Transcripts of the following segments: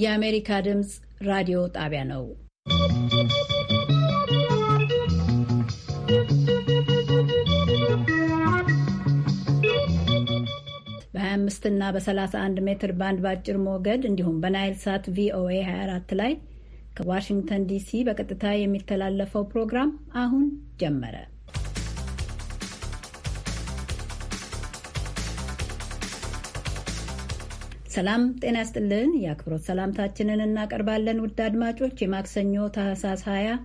የአሜሪካ ድምፅ ራዲዮ ጣቢያ ነው። በ25 እና በ31 ሜትር ባንድ በአጭር ሞገድ እንዲሁም በናይል ሳት ቪኦኤ 24 ላይ ከዋሽንግተን ዲሲ በቀጥታ የሚተላለፈው ፕሮግራም አሁን ጀመረ። ሰላም ጤና ያስጥልን። የአክብሮት ሰላምታችንን እናቀርባለን። ውድ አድማጮች የማክሰኞ ታህሳስ 20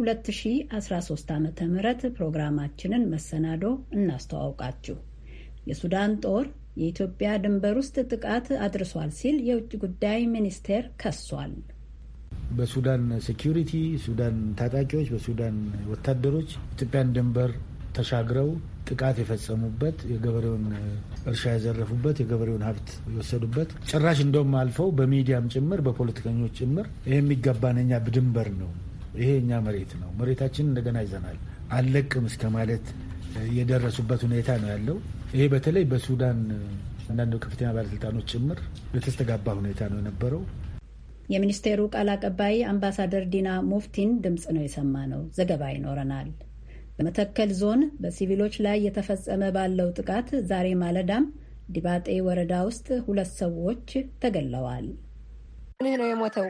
2013 ዓ ም ፕሮግራማችንን መሰናዶ እናስተዋውቃችሁ። የሱዳን ጦር የኢትዮጵያ ድንበር ውስጥ ጥቃት አድርሷል ሲል የውጭ ጉዳይ ሚኒስቴር ከሷል። በሱዳን ሴኪሪቲ፣ ሱዳን ታጣቂዎች፣ በሱዳን ወታደሮች ኢትዮጵያን ድንበር ተሻግረው ጥቃት የፈጸሙበት፣ የገበሬውን እርሻ የዘረፉበት፣ የገበሬውን ሀብት የወሰዱበት ጭራሽ እንደውም አልፈው በሚዲያም ጭምር በፖለቲከኞች ጭምር ይህ የሚገባን የኛ ድንበር ነው፣ ይሄ እኛ መሬት ነው፣ መሬታችን እንደገና ይዘናል አልለቅም እስከ ማለት የደረሱበት ሁኔታ ነው ያለው። ይሄ በተለይ በሱዳን አንዳንድ ከፍተኛ ባለስልጣኖች ጭምር የተስተጋባ ሁኔታ ነው የነበረው። የሚኒስቴሩ ቃል አቀባይ አምባሳደር ዲና ሙፍቲን ድምፅ ነው የሰማ ነው። ዘገባ ይኖረናል። በመተከል ዞን በሲቪሎች ላይ የተፈጸመ ባለው ጥቃት ዛሬ ማለዳም ዲባጤ ወረዳ ውስጥ ሁለት ሰዎች ተገለዋል። ይህ ነው የሞተው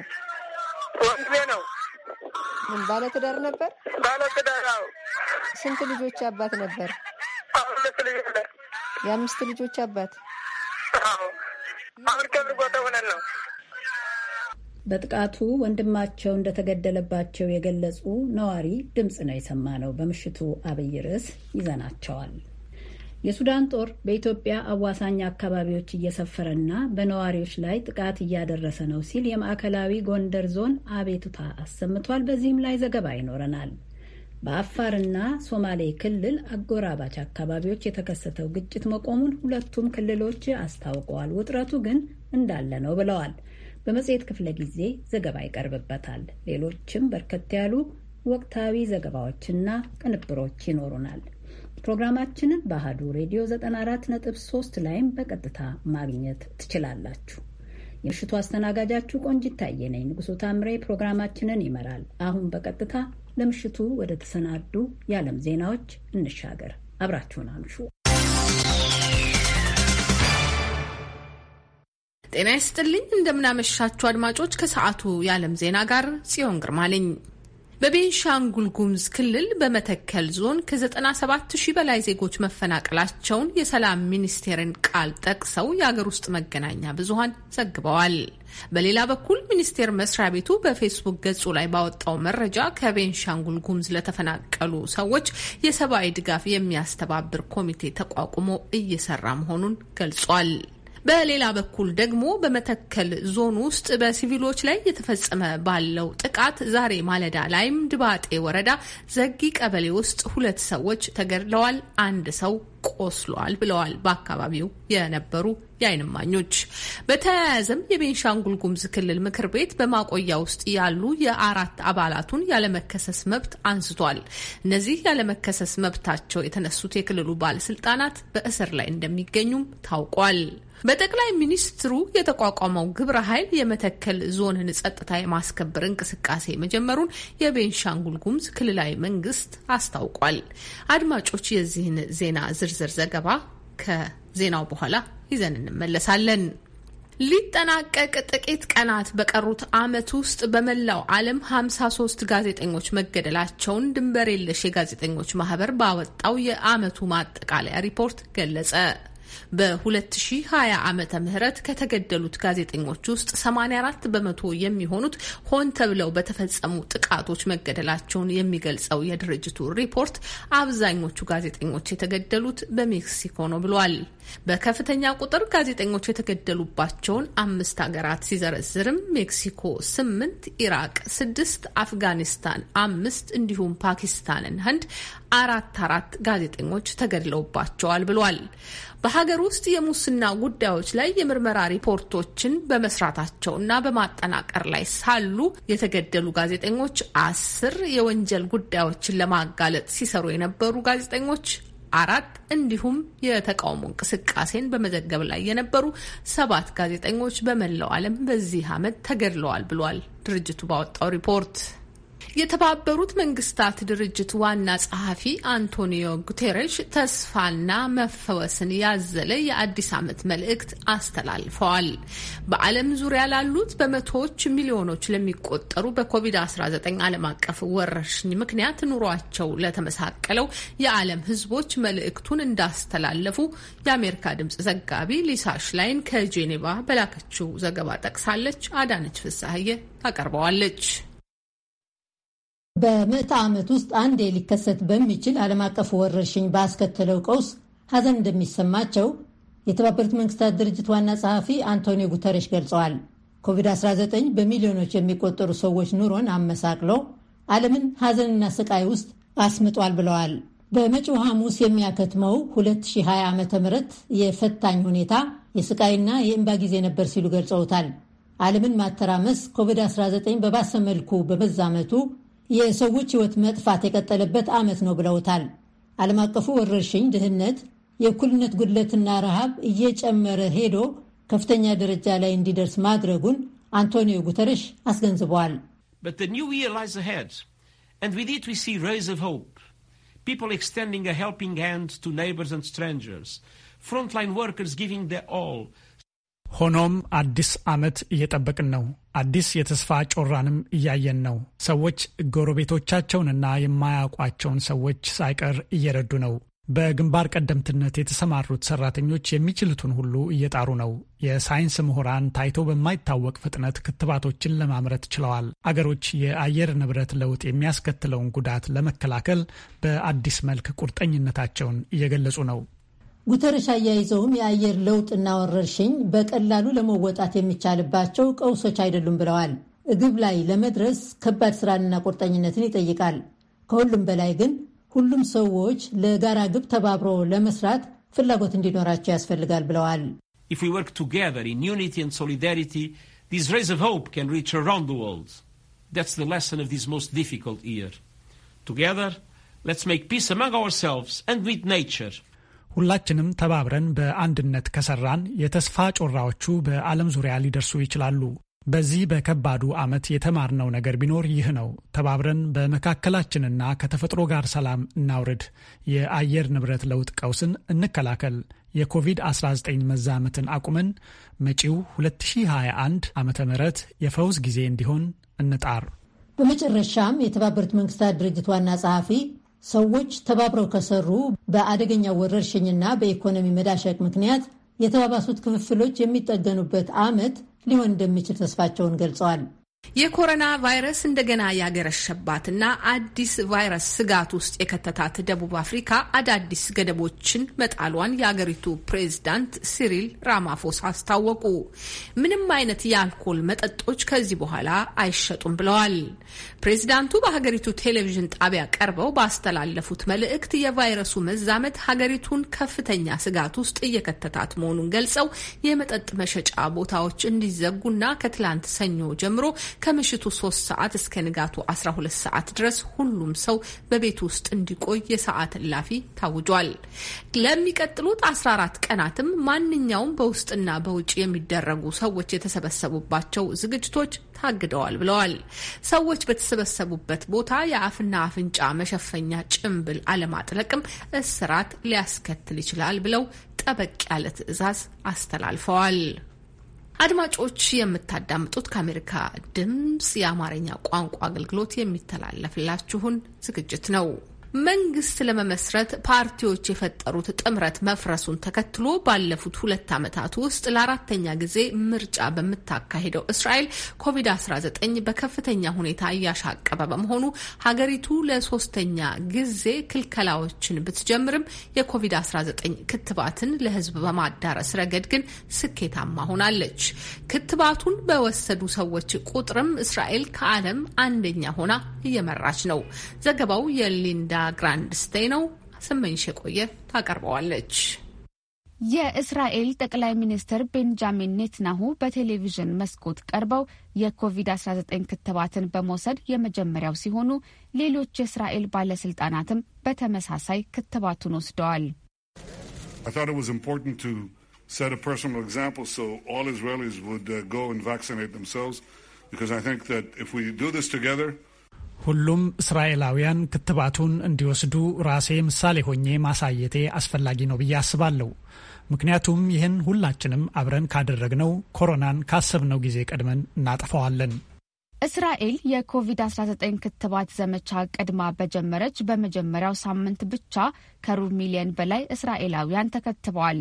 ወንድሜ ነው። ምን ባለትዳር ነበር? ባለትዳር ስንት ልጆች አባት ነበር? ልጆች የአምስት ልጆች አባት አሁን ከብር ቦታ ሆነን ነው በጥቃቱ ወንድማቸው እንደተገደለባቸው የገለጹ ነዋሪ ድምፅ ነው የሰማነው። በምሽቱ አብይ ርዕስ ይዘናቸዋል። የሱዳን ጦር በኢትዮጵያ አዋሳኝ አካባቢዎች እየሰፈረና በነዋሪዎች ላይ ጥቃት እያደረሰ ነው ሲል የማዕከላዊ ጎንደር ዞን አቤቱታ አሰምቷል። በዚህም ላይ ዘገባ ይኖረናል። በአፋርና ሶማሌ ክልል አጎራባች አካባቢዎች የተከሰተው ግጭት መቆሙን ሁለቱም ክልሎች አስታውቀዋል። ውጥረቱ ግን እንዳለ ነው ብለዋል። በመጽሔት ክፍለ ጊዜ ዘገባ ይቀርብበታል። ሌሎችም በርከት ያሉ ወቅታዊ ዘገባዎችና ቅንብሮች ይኖሩናል። ፕሮግራማችንን በአህዱ ሬዲዮ 94.3 ላይም በቀጥታ ማግኘት ትችላላችሁ። የምሽቱ አስተናጋጃችሁ ቆንጂት ታየ ነኝ። ንጉሱ ታምሬ ፕሮግራማችንን ይመራል። አሁን በቀጥታ ለምሽቱ ወደ ተሰናዱ የዓለም ዜናዎች እንሻገር። አብራችሁን አምሹ። ጤና ይስጥልኝ እንደምናመሻችሁ አድማጮች፣ ከሰዓቱ የዓለም ዜና ጋር ጽዮን ግርማ ነኝ። በቤንሻንጉል ጉሙዝ ክልል በመተከል ዞን ከ97 ሺህ በላይ ዜጎች መፈናቀላቸውን የሰላም ሚኒስቴርን ቃል ጠቅሰው የአገር ውስጥ መገናኛ ብዙሀን ዘግበዋል። በሌላ በኩል ሚኒስቴር መስሪያ ቤቱ በፌስቡክ ገጹ ላይ ባወጣው መረጃ ከቤንሻንጉል ጉሙዝ ለተፈናቀሉ ሰዎች የሰብአዊ ድጋፍ የሚያስተባብር ኮሚቴ ተቋቁሞ እየሰራ መሆኑን ገልጿል። በሌላ በኩል ደግሞ በመተከል ዞን ውስጥ በሲቪሎች ላይ የተፈጸመ ባለው ጥቃት ዛሬ ማለዳ ላይም ድባጤ ወረዳ ዘጊ ቀበሌ ውስጥ ሁለት ሰዎች ተገድለዋል፣ አንድ ሰው ቆስሏል ብለዋል በአካባቢው የነበሩ የዓይን እማኞች። በተያያዘም የቤንሻንጉል ጉሙዝ ክልል ምክር ቤት በማቆያ ውስጥ ያሉ የአራት አባላቱን ያለመከሰስ መብት አንስቷል። እነዚህ ያለመከሰስ መብታቸው የተነሱት የክልሉ ባለስልጣናት በእስር ላይ እንደሚገኙም ታውቋል። በጠቅላይ ሚኒስትሩ የተቋቋመው ግብረ ኃይል የመተከል ዞንን ጸጥታ የማስከበር እንቅስቃሴ መጀመሩን የቤንሻንጉል ጉሙዝ ክልላዊ መንግስት አስታውቋል። አድማጮች፣ የዚህን ዜና ዝርዝር ዘገባ ከዜናው በኋላ ይዘን እንመለሳለን። ሊጠናቀቅ ጥቂት ቀናት በቀሩት ዓመት ውስጥ በመላው ዓለም 53 ጋዜጠኞች መገደላቸውን ድንበር የለሽ የጋዜጠኞች ማህበር ባወጣው የዓመቱ ማጠቃለያ ሪፖርት ገለጸ። በ2020 ዓመተ ምህረት ከተገደሉት ጋዜጠኞች ውስጥ 84 በመቶ የሚሆኑት ሆን ተብለው በተፈጸሙ ጥቃቶች መገደላቸውን የሚገልጸው የድርጅቱ ሪፖርት አብዛኞቹ ጋዜጠኞች የተገደሉት በሜክሲኮ ነው ብሏል። በከፍተኛ ቁጥር ጋዜጠኞች የተገደሉባቸውን አምስት ሀገራት ሲዘረዝርም ሜክሲኮ ስምንት፣ ኢራቅ ስድስት፣ አፍጋኒስታን አምስት እንዲሁም ፓኪስታንን ህንድ አራት አራት ጋዜጠኞች ተገድለውባቸዋል ብሏል። በሀገር ውስጥ የሙስና ጉዳዮች ላይ የምርመራ ሪፖርቶችን በመስራታቸውና በማጠናቀር ላይ ሳሉ የተገደሉ ጋዜጠኞች አስር የወንጀል ጉዳዮችን ለማጋለጥ ሲሰሩ የነበሩ ጋዜጠኞች አራት እንዲሁም የተቃውሞ እንቅስቃሴን በመዘገብ ላይ የነበሩ ሰባት ጋዜጠኞች በመላው ዓለም በዚህ ዓመት ተገድለዋል ብሏል ድርጅቱ ባወጣው ሪፖርት። የተባበሩት መንግስታት ድርጅት ዋና ጸሐፊ አንቶኒዮ ጉቴሬሽ ተስፋና መፈወስን ያዘለ የአዲስ ዓመት መልእክት አስተላልፈዋል። በዓለም ዙሪያ ላሉት በመቶዎች ሚሊዮኖች ለሚቆጠሩ በኮቪድ-19 ዓለም አቀፍ ወረርሽኝ ምክንያት ኑሯቸው ለተመሳቀለው የዓለም ህዝቦች መልእክቱን እንዳስተላለፉ የአሜሪካ ድምጽ ዘጋቢ ሊሳ ሽላይን ከጄኔቫ በላከችው ዘገባ ጠቅሳለች። አዳነች ፍሳሀየ ታቀርበዋለች። በምዕተ ዓመት ውስጥ አንዴ ሊከሰት በሚችል ዓለም አቀፍ ወረርሽኝ ባስከተለው ቀውስ ሐዘን እንደሚሰማቸው የተባበሩት መንግስታት ድርጅት ዋና ጸሐፊ አንቶኒዮ ጉተረሽ ገልጸዋል። ኮቪድ-19 በሚሊዮኖች የሚቆጠሩ ሰዎች ኑሮን አመሳቅሎ ዓለምን ሐዘንና ስቃይ ውስጥ አስምጧል ብለዋል። በመጪው ሐሙስ የሚያከትመው 2020 ዓ ም የፈታኝ ሁኔታ የስቃይና የእንባ ጊዜ ነበር ሲሉ ገልጸውታል። ዓለምን ማተራመስ ኮቪድ-19 በባሰ መልኩ በመዛመቱ የሰዎች ሕይወት መጥፋት የቀጠለበት ዓመት ነው ብለውታል። ዓለም አቀፉ ወረርሽኝ ድህነት፣ የእኩልነት ጉድለትና ረሃብ እየጨመረ ሄዶ ከፍተኛ ደረጃ ላይ እንዲደርስ ማድረጉን አንቶኒዮ ጉተረሽ አስገንዝበዋል። ሆኖም አዲስ ዓመት እየጠበቅን ነው። አዲስ የተስፋ ጮራንም እያየን ነው። ሰዎች ጎረቤቶቻቸውንና የማያውቋቸውን ሰዎች ሳይቀር እየረዱ ነው። በግንባር ቀደምትነት የተሰማሩት ሰራተኞች የሚችሉትን ሁሉ እየጣሩ ነው። የሳይንስ ምሁራን ታይቶ በማይታወቅ ፍጥነት ክትባቶችን ለማምረት ችለዋል። አገሮች የአየር ንብረት ለውጥ የሚያስከትለውን ጉዳት ለመከላከል በአዲስ መልክ ቁርጠኝነታቸውን እየገለጹ ነው። ጉተረሻ አያይዘውም የአየር ለውጥና ወረርሽኝ በቀላሉ ለመወጣት የሚቻልባቸው ቀውሶች አይደሉም ብለዋል። ግብ ላይ ለመድረስ ከባድ ስራንና ቁርጠኝነትን ይጠይቃል። ከሁሉም በላይ ግን ሁሉም ሰዎች ለጋራ ግብ ተባብሮ ለመስራት ፍላጎት እንዲኖራቸው ያስፈልጋል ብለዋል። ቶጌዘር ሌትስ ሜክ ፒስ አማንግ አወርሰልቭስ ኤንድ ዊዝ ኔቸር ሁላችንም ተባብረን በአንድነት ከሰራን የተስፋ ጮራዎቹ በዓለም ዙሪያ ሊደርሱ ይችላሉ። በዚህ በከባዱ ዓመት የተማርነው ነገር ቢኖር ይህ ነው። ተባብረን በመካከላችንና ከተፈጥሮ ጋር ሰላም እናውርድ። የአየር ንብረት ለውጥ ቀውስን እንከላከል። የኮቪድ-19 መዛመትን አቁመን መጪው 2021 ዓ ም የፈውስ ጊዜ እንዲሆን እንጣር። በመጨረሻም የተባበሩት መንግስታት ድርጅት ዋና ጸሐፊ ሰዎች ተባብረው ከሰሩ በአደገኛው ወረርሽኝና በኢኮኖሚ መዳሸቅ ምክንያት የተባባሱት ክፍፍሎች የሚጠገኑበት ዓመት ሊሆን እንደሚችል ተስፋቸውን ገልጸዋል። የኮሮና ቫይረስ እንደገና ያገረሸባትና አዲስ ቫይረስ ስጋት ውስጥ የከተታት ደቡብ አፍሪካ አዳዲስ ገደቦችን መጣሏን የአገሪቱ ፕሬዝዳንት ሲሪል ራማፎስ አስታወቁ። ምንም አይነት የአልኮል መጠጦች ከዚህ በኋላ አይሸጡም ብለዋል። ፕሬዝዳንቱ በሀገሪቱ ቴሌቪዥን ጣቢያ ቀርበው ባስተላለፉት መልእክት የቫይረሱ መዛመት ሀገሪቱን ከፍተኛ ስጋት ውስጥ እየከተታት መሆኑን ገልጸው የመጠጥ መሸጫ ቦታዎች እንዲዘጉና ከትላንት ሰኞ ጀምሮ ከምሽቱ ሶስት ሰዓት እስከ ንጋቱ 12 ሰዓት ድረስ ሁሉም ሰው በቤት ውስጥ እንዲቆይ የሰዓት እላፊ ታውጇል። ለሚቀጥሉት 14 ቀናትም ማንኛውም በውስጥና በውጭ የሚደረጉ ሰዎች የተሰበሰቡባቸው ዝግጅቶች ታግደዋል ብለዋል። ሰዎች በተሰበሰቡበት ቦታ የአፍና አፍንጫ መሸፈኛ ጭንብል አለማጥለቅም እስራት ሊያስከትል ይችላል ብለው ጠበቅ ያለ ትዕዛዝ አስተላልፈዋል። አድማጮች የምታዳምጡት ከአሜሪካ ድምፅ የአማርኛ ቋንቋ አገልግሎት የሚተላለፍላችሁን ዝግጅት ነው። መንግስት ለመመስረት ፓርቲዎች የፈጠሩት ጥምረት መፍረሱን ተከትሎ ባለፉት ሁለት ዓመታት ውስጥ ለአራተኛ ጊዜ ምርጫ በምታካሂደው እስራኤል ኮቪድ-19 በከፍተኛ ሁኔታ እያሻቀበ በመሆኑ ሀገሪቱ ለሶስተኛ ጊዜ ክልከላዎችን ብትጀምርም የኮቪድ-19 ክትባትን ለህዝብ በማዳረስ ረገድ ግን ስኬታማ ሆናለች። ክትባቱን በወሰዱ ሰዎች ቁጥርም እስራኤል ከዓለም አንደኛ ሆና እየመራች ነው። ዘገባው የሊንዳ ግራንድ ስቴይ ነው። ስመኝሽ የቆየ ታቀርበዋለች። የእስራኤል ጠቅላይ ሚኒስትር ቤንጃሚን ኔትናሁ በቴሌቪዥን መስኮት ቀርበው የኮቪድ-19 ክትባትን በመውሰድ የመጀመሪያው ሲሆኑ ሌሎች የእስራኤል ባለስልጣናትም በተመሳሳይ ክትባቱን ወስደዋል። ስ ሁሉም እስራኤላውያን ክትባቱን እንዲወስዱ ራሴ ምሳሌ ሆኜ ማሳየቴ አስፈላጊ ነው ብዬ አስባለሁ። ምክንያቱም ይህን ሁላችንም አብረን ካደረግነው ኮሮናን ካሰብነው ጊዜ ቀድመን እናጠፋዋለን። እስራኤል የኮቪድ-19 ክትባት ዘመቻ ቀድማ በጀመረች በመጀመሪያው ሳምንት ብቻ ከሩብ ሚሊዮን በላይ እስራኤላውያን ተከትበዋል።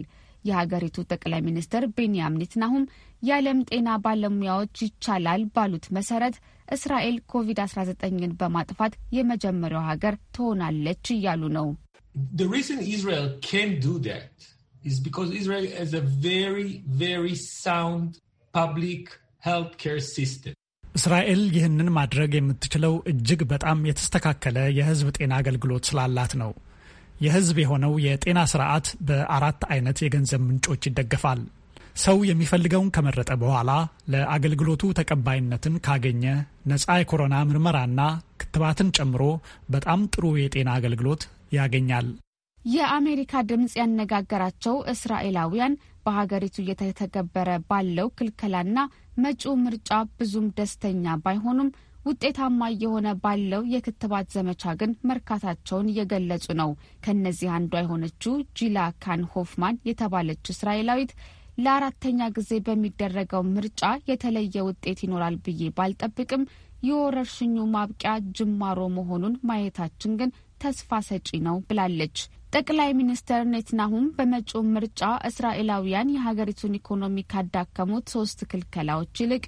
የሀገሪቱ ጠቅላይ ሚኒስትር ቤንያሚን ኔትናሁም የዓለም ጤና ባለሙያዎች ይቻላል ባሉት መሰረት እስራኤል ኮቪድ-19ን በማጥፋት የመጀመሪያው ሀገር ትሆናለች እያሉ ነው። እስራኤል ይህንን ማድረግ የምትችለው እጅግ በጣም የተስተካከለ የሕዝብ ጤና አገልግሎት ስላላት ነው። የሕዝብ የሆነው የጤና ስርዓት በአራት አይነት የገንዘብ ምንጮች ይደገፋል። ሰው የሚፈልገውን ከመረጠ በኋላ ለአገልግሎቱ ተቀባይነትን ካገኘ ነጻ የኮሮና ምርመራና ክትባትን ጨምሮ በጣም ጥሩ የጤና አገልግሎት ያገኛል። የአሜሪካ ድምፅ ያነጋገራቸው እስራኤላውያን በሀገሪቱ እየተተገበረ ባለው ክልከላና መጪው ምርጫ ብዙም ደስተኛ ባይሆኑም ውጤታማ እየሆነ ባለው የክትባት ዘመቻ ግን መርካታቸውን እየገለጹ ነው። ከእነዚህ አንዷ የሆነችው ጂላ ካን ሆፍማን የተባለች እስራኤላዊት ለአራተኛ ጊዜ በሚደረገው ምርጫ የተለየ ውጤት ይኖራል ብዬ ባልጠብቅም የወረርሽኙ ማብቂያ ጅማሮ መሆኑን ማየታችን ግን ተስፋ ሰጪ ነው ብላለች። ጠቅላይ ሚኒስትር ኔትናሁም በመጪው ምርጫ እስራኤላውያን የሀገሪቱን ኢኮኖሚ ካዳከሙት ሶስት ክልከላዎች ይልቅ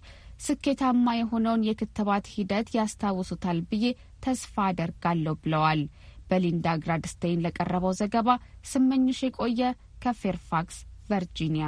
ስኬታማ የሆነውን የክትባት ሂደት ያስታውሱታል ብዬ ተስፋ አደርጋለሁ ብለዋል። በሊንዳ ግራድስቴይን ለቀረበው ዘገባ ስመኝሽ የቆየ ከፌርፋክስ ቨርጂኒያ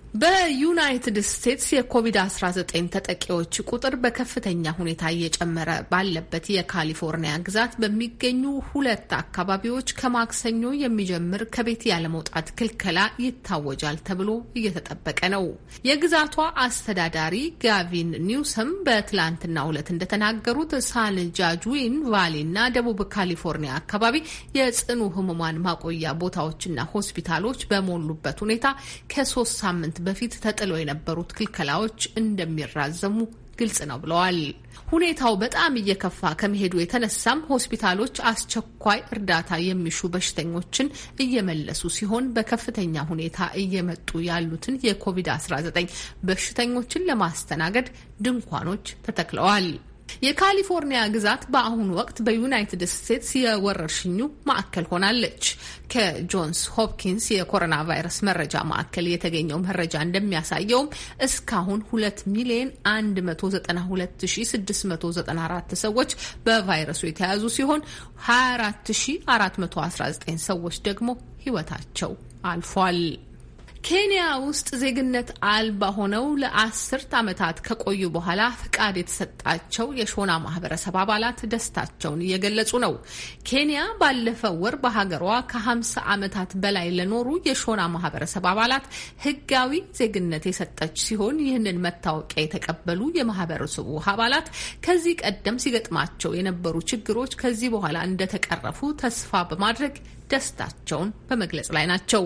በዩናይትድ ስቴትስ የኮቪድ-19 ተጠቂዎች ቁጥር በከፍተኛ ሁኔታ እየጨመረ ባለበት የካሊፎርኒያ ግዛት በሚገኙ ሁለት አካባቢዎች ከማክሰኞ የሚጀምር ከቤት ያለመውጣት ክልከላ ይታወጃል ተብሎ እየተጠበቀ ነው። የግዛቷ አስተዳዳሪ ጋቪን ኒውሰም በትላንትና ዕለት እንደተናገሩት ሳን ጃጁዊን ቫሊ እና ደቡብ ካሊፎርኒያ አካባቢ የጽኑ ህሙማን ማቆያ ቦታዎችና ሆስፒታሎች በሞሉበት ሁኔታ ከሶስት ሳምንት በፊት ተጥሎ የነበሩት ክልከላዎች እንደሚራዘሙ ግልጽ ነው ብለዋል። ሁኔታው በጣም እየከፋ ከመሄዱ የተነሳም ሆስፒታሎች አስቸኳይ እርዳታ የሚሹ በሽተኞችን እየመለሱ ሲሆን በከፍተኛ ሁኔታ እየመጡ ያሉትን የኮቪድ-19 በሽተኞችን ለማስተናገድ ድንኳኖች ተተክለዋል። የካሊፎርኒያ ግዛት በአሁኑ ወቅት በዩናይትድ ስቴትስ የወረርሽኙ ማዕከል ሆናለች። ከጆንስ ሆፕኪንስ የኮሮና ቫይረስ መረጃ ማዕከል የተገኘው መረጃ እንደሚያሳየውም እስካሁን 2 ሚሊዮን 192694 ሰዎች በቫይረሱ የተያዙ ሲሆን 24419 ሰዎች ደግሞ ሕይወታቸው አልፏል። ኬንያ ውስጥ ዜግነት አልባ ሆነው ለአስርት ዓመታት ከቆዩ በኋላ ፍቃድ የተሰጣቸው የሾና ማህበረሰብ አባላት ደስታቸውን እየገለጹ ነው። ኬንያ ባለፈው ወር በሀገሯ ከ50 ዓመታት በላይ ለኖሩ የሾና ማህበረሰብ አባላት ህጋዊ ዜግነት የሰጠች ሲሆን ይህንን መታወቂያ የተቀበሉ የማህበረሰቡ አባላት ከዚህ ቀደም ሲገጥማቸው የነበሩ ችግሮች ከዚህ በኋላ እንደተቀረፉ ተስፋ በማድረግ ደስታቸውን በመግለጽ ላይ ናቸው።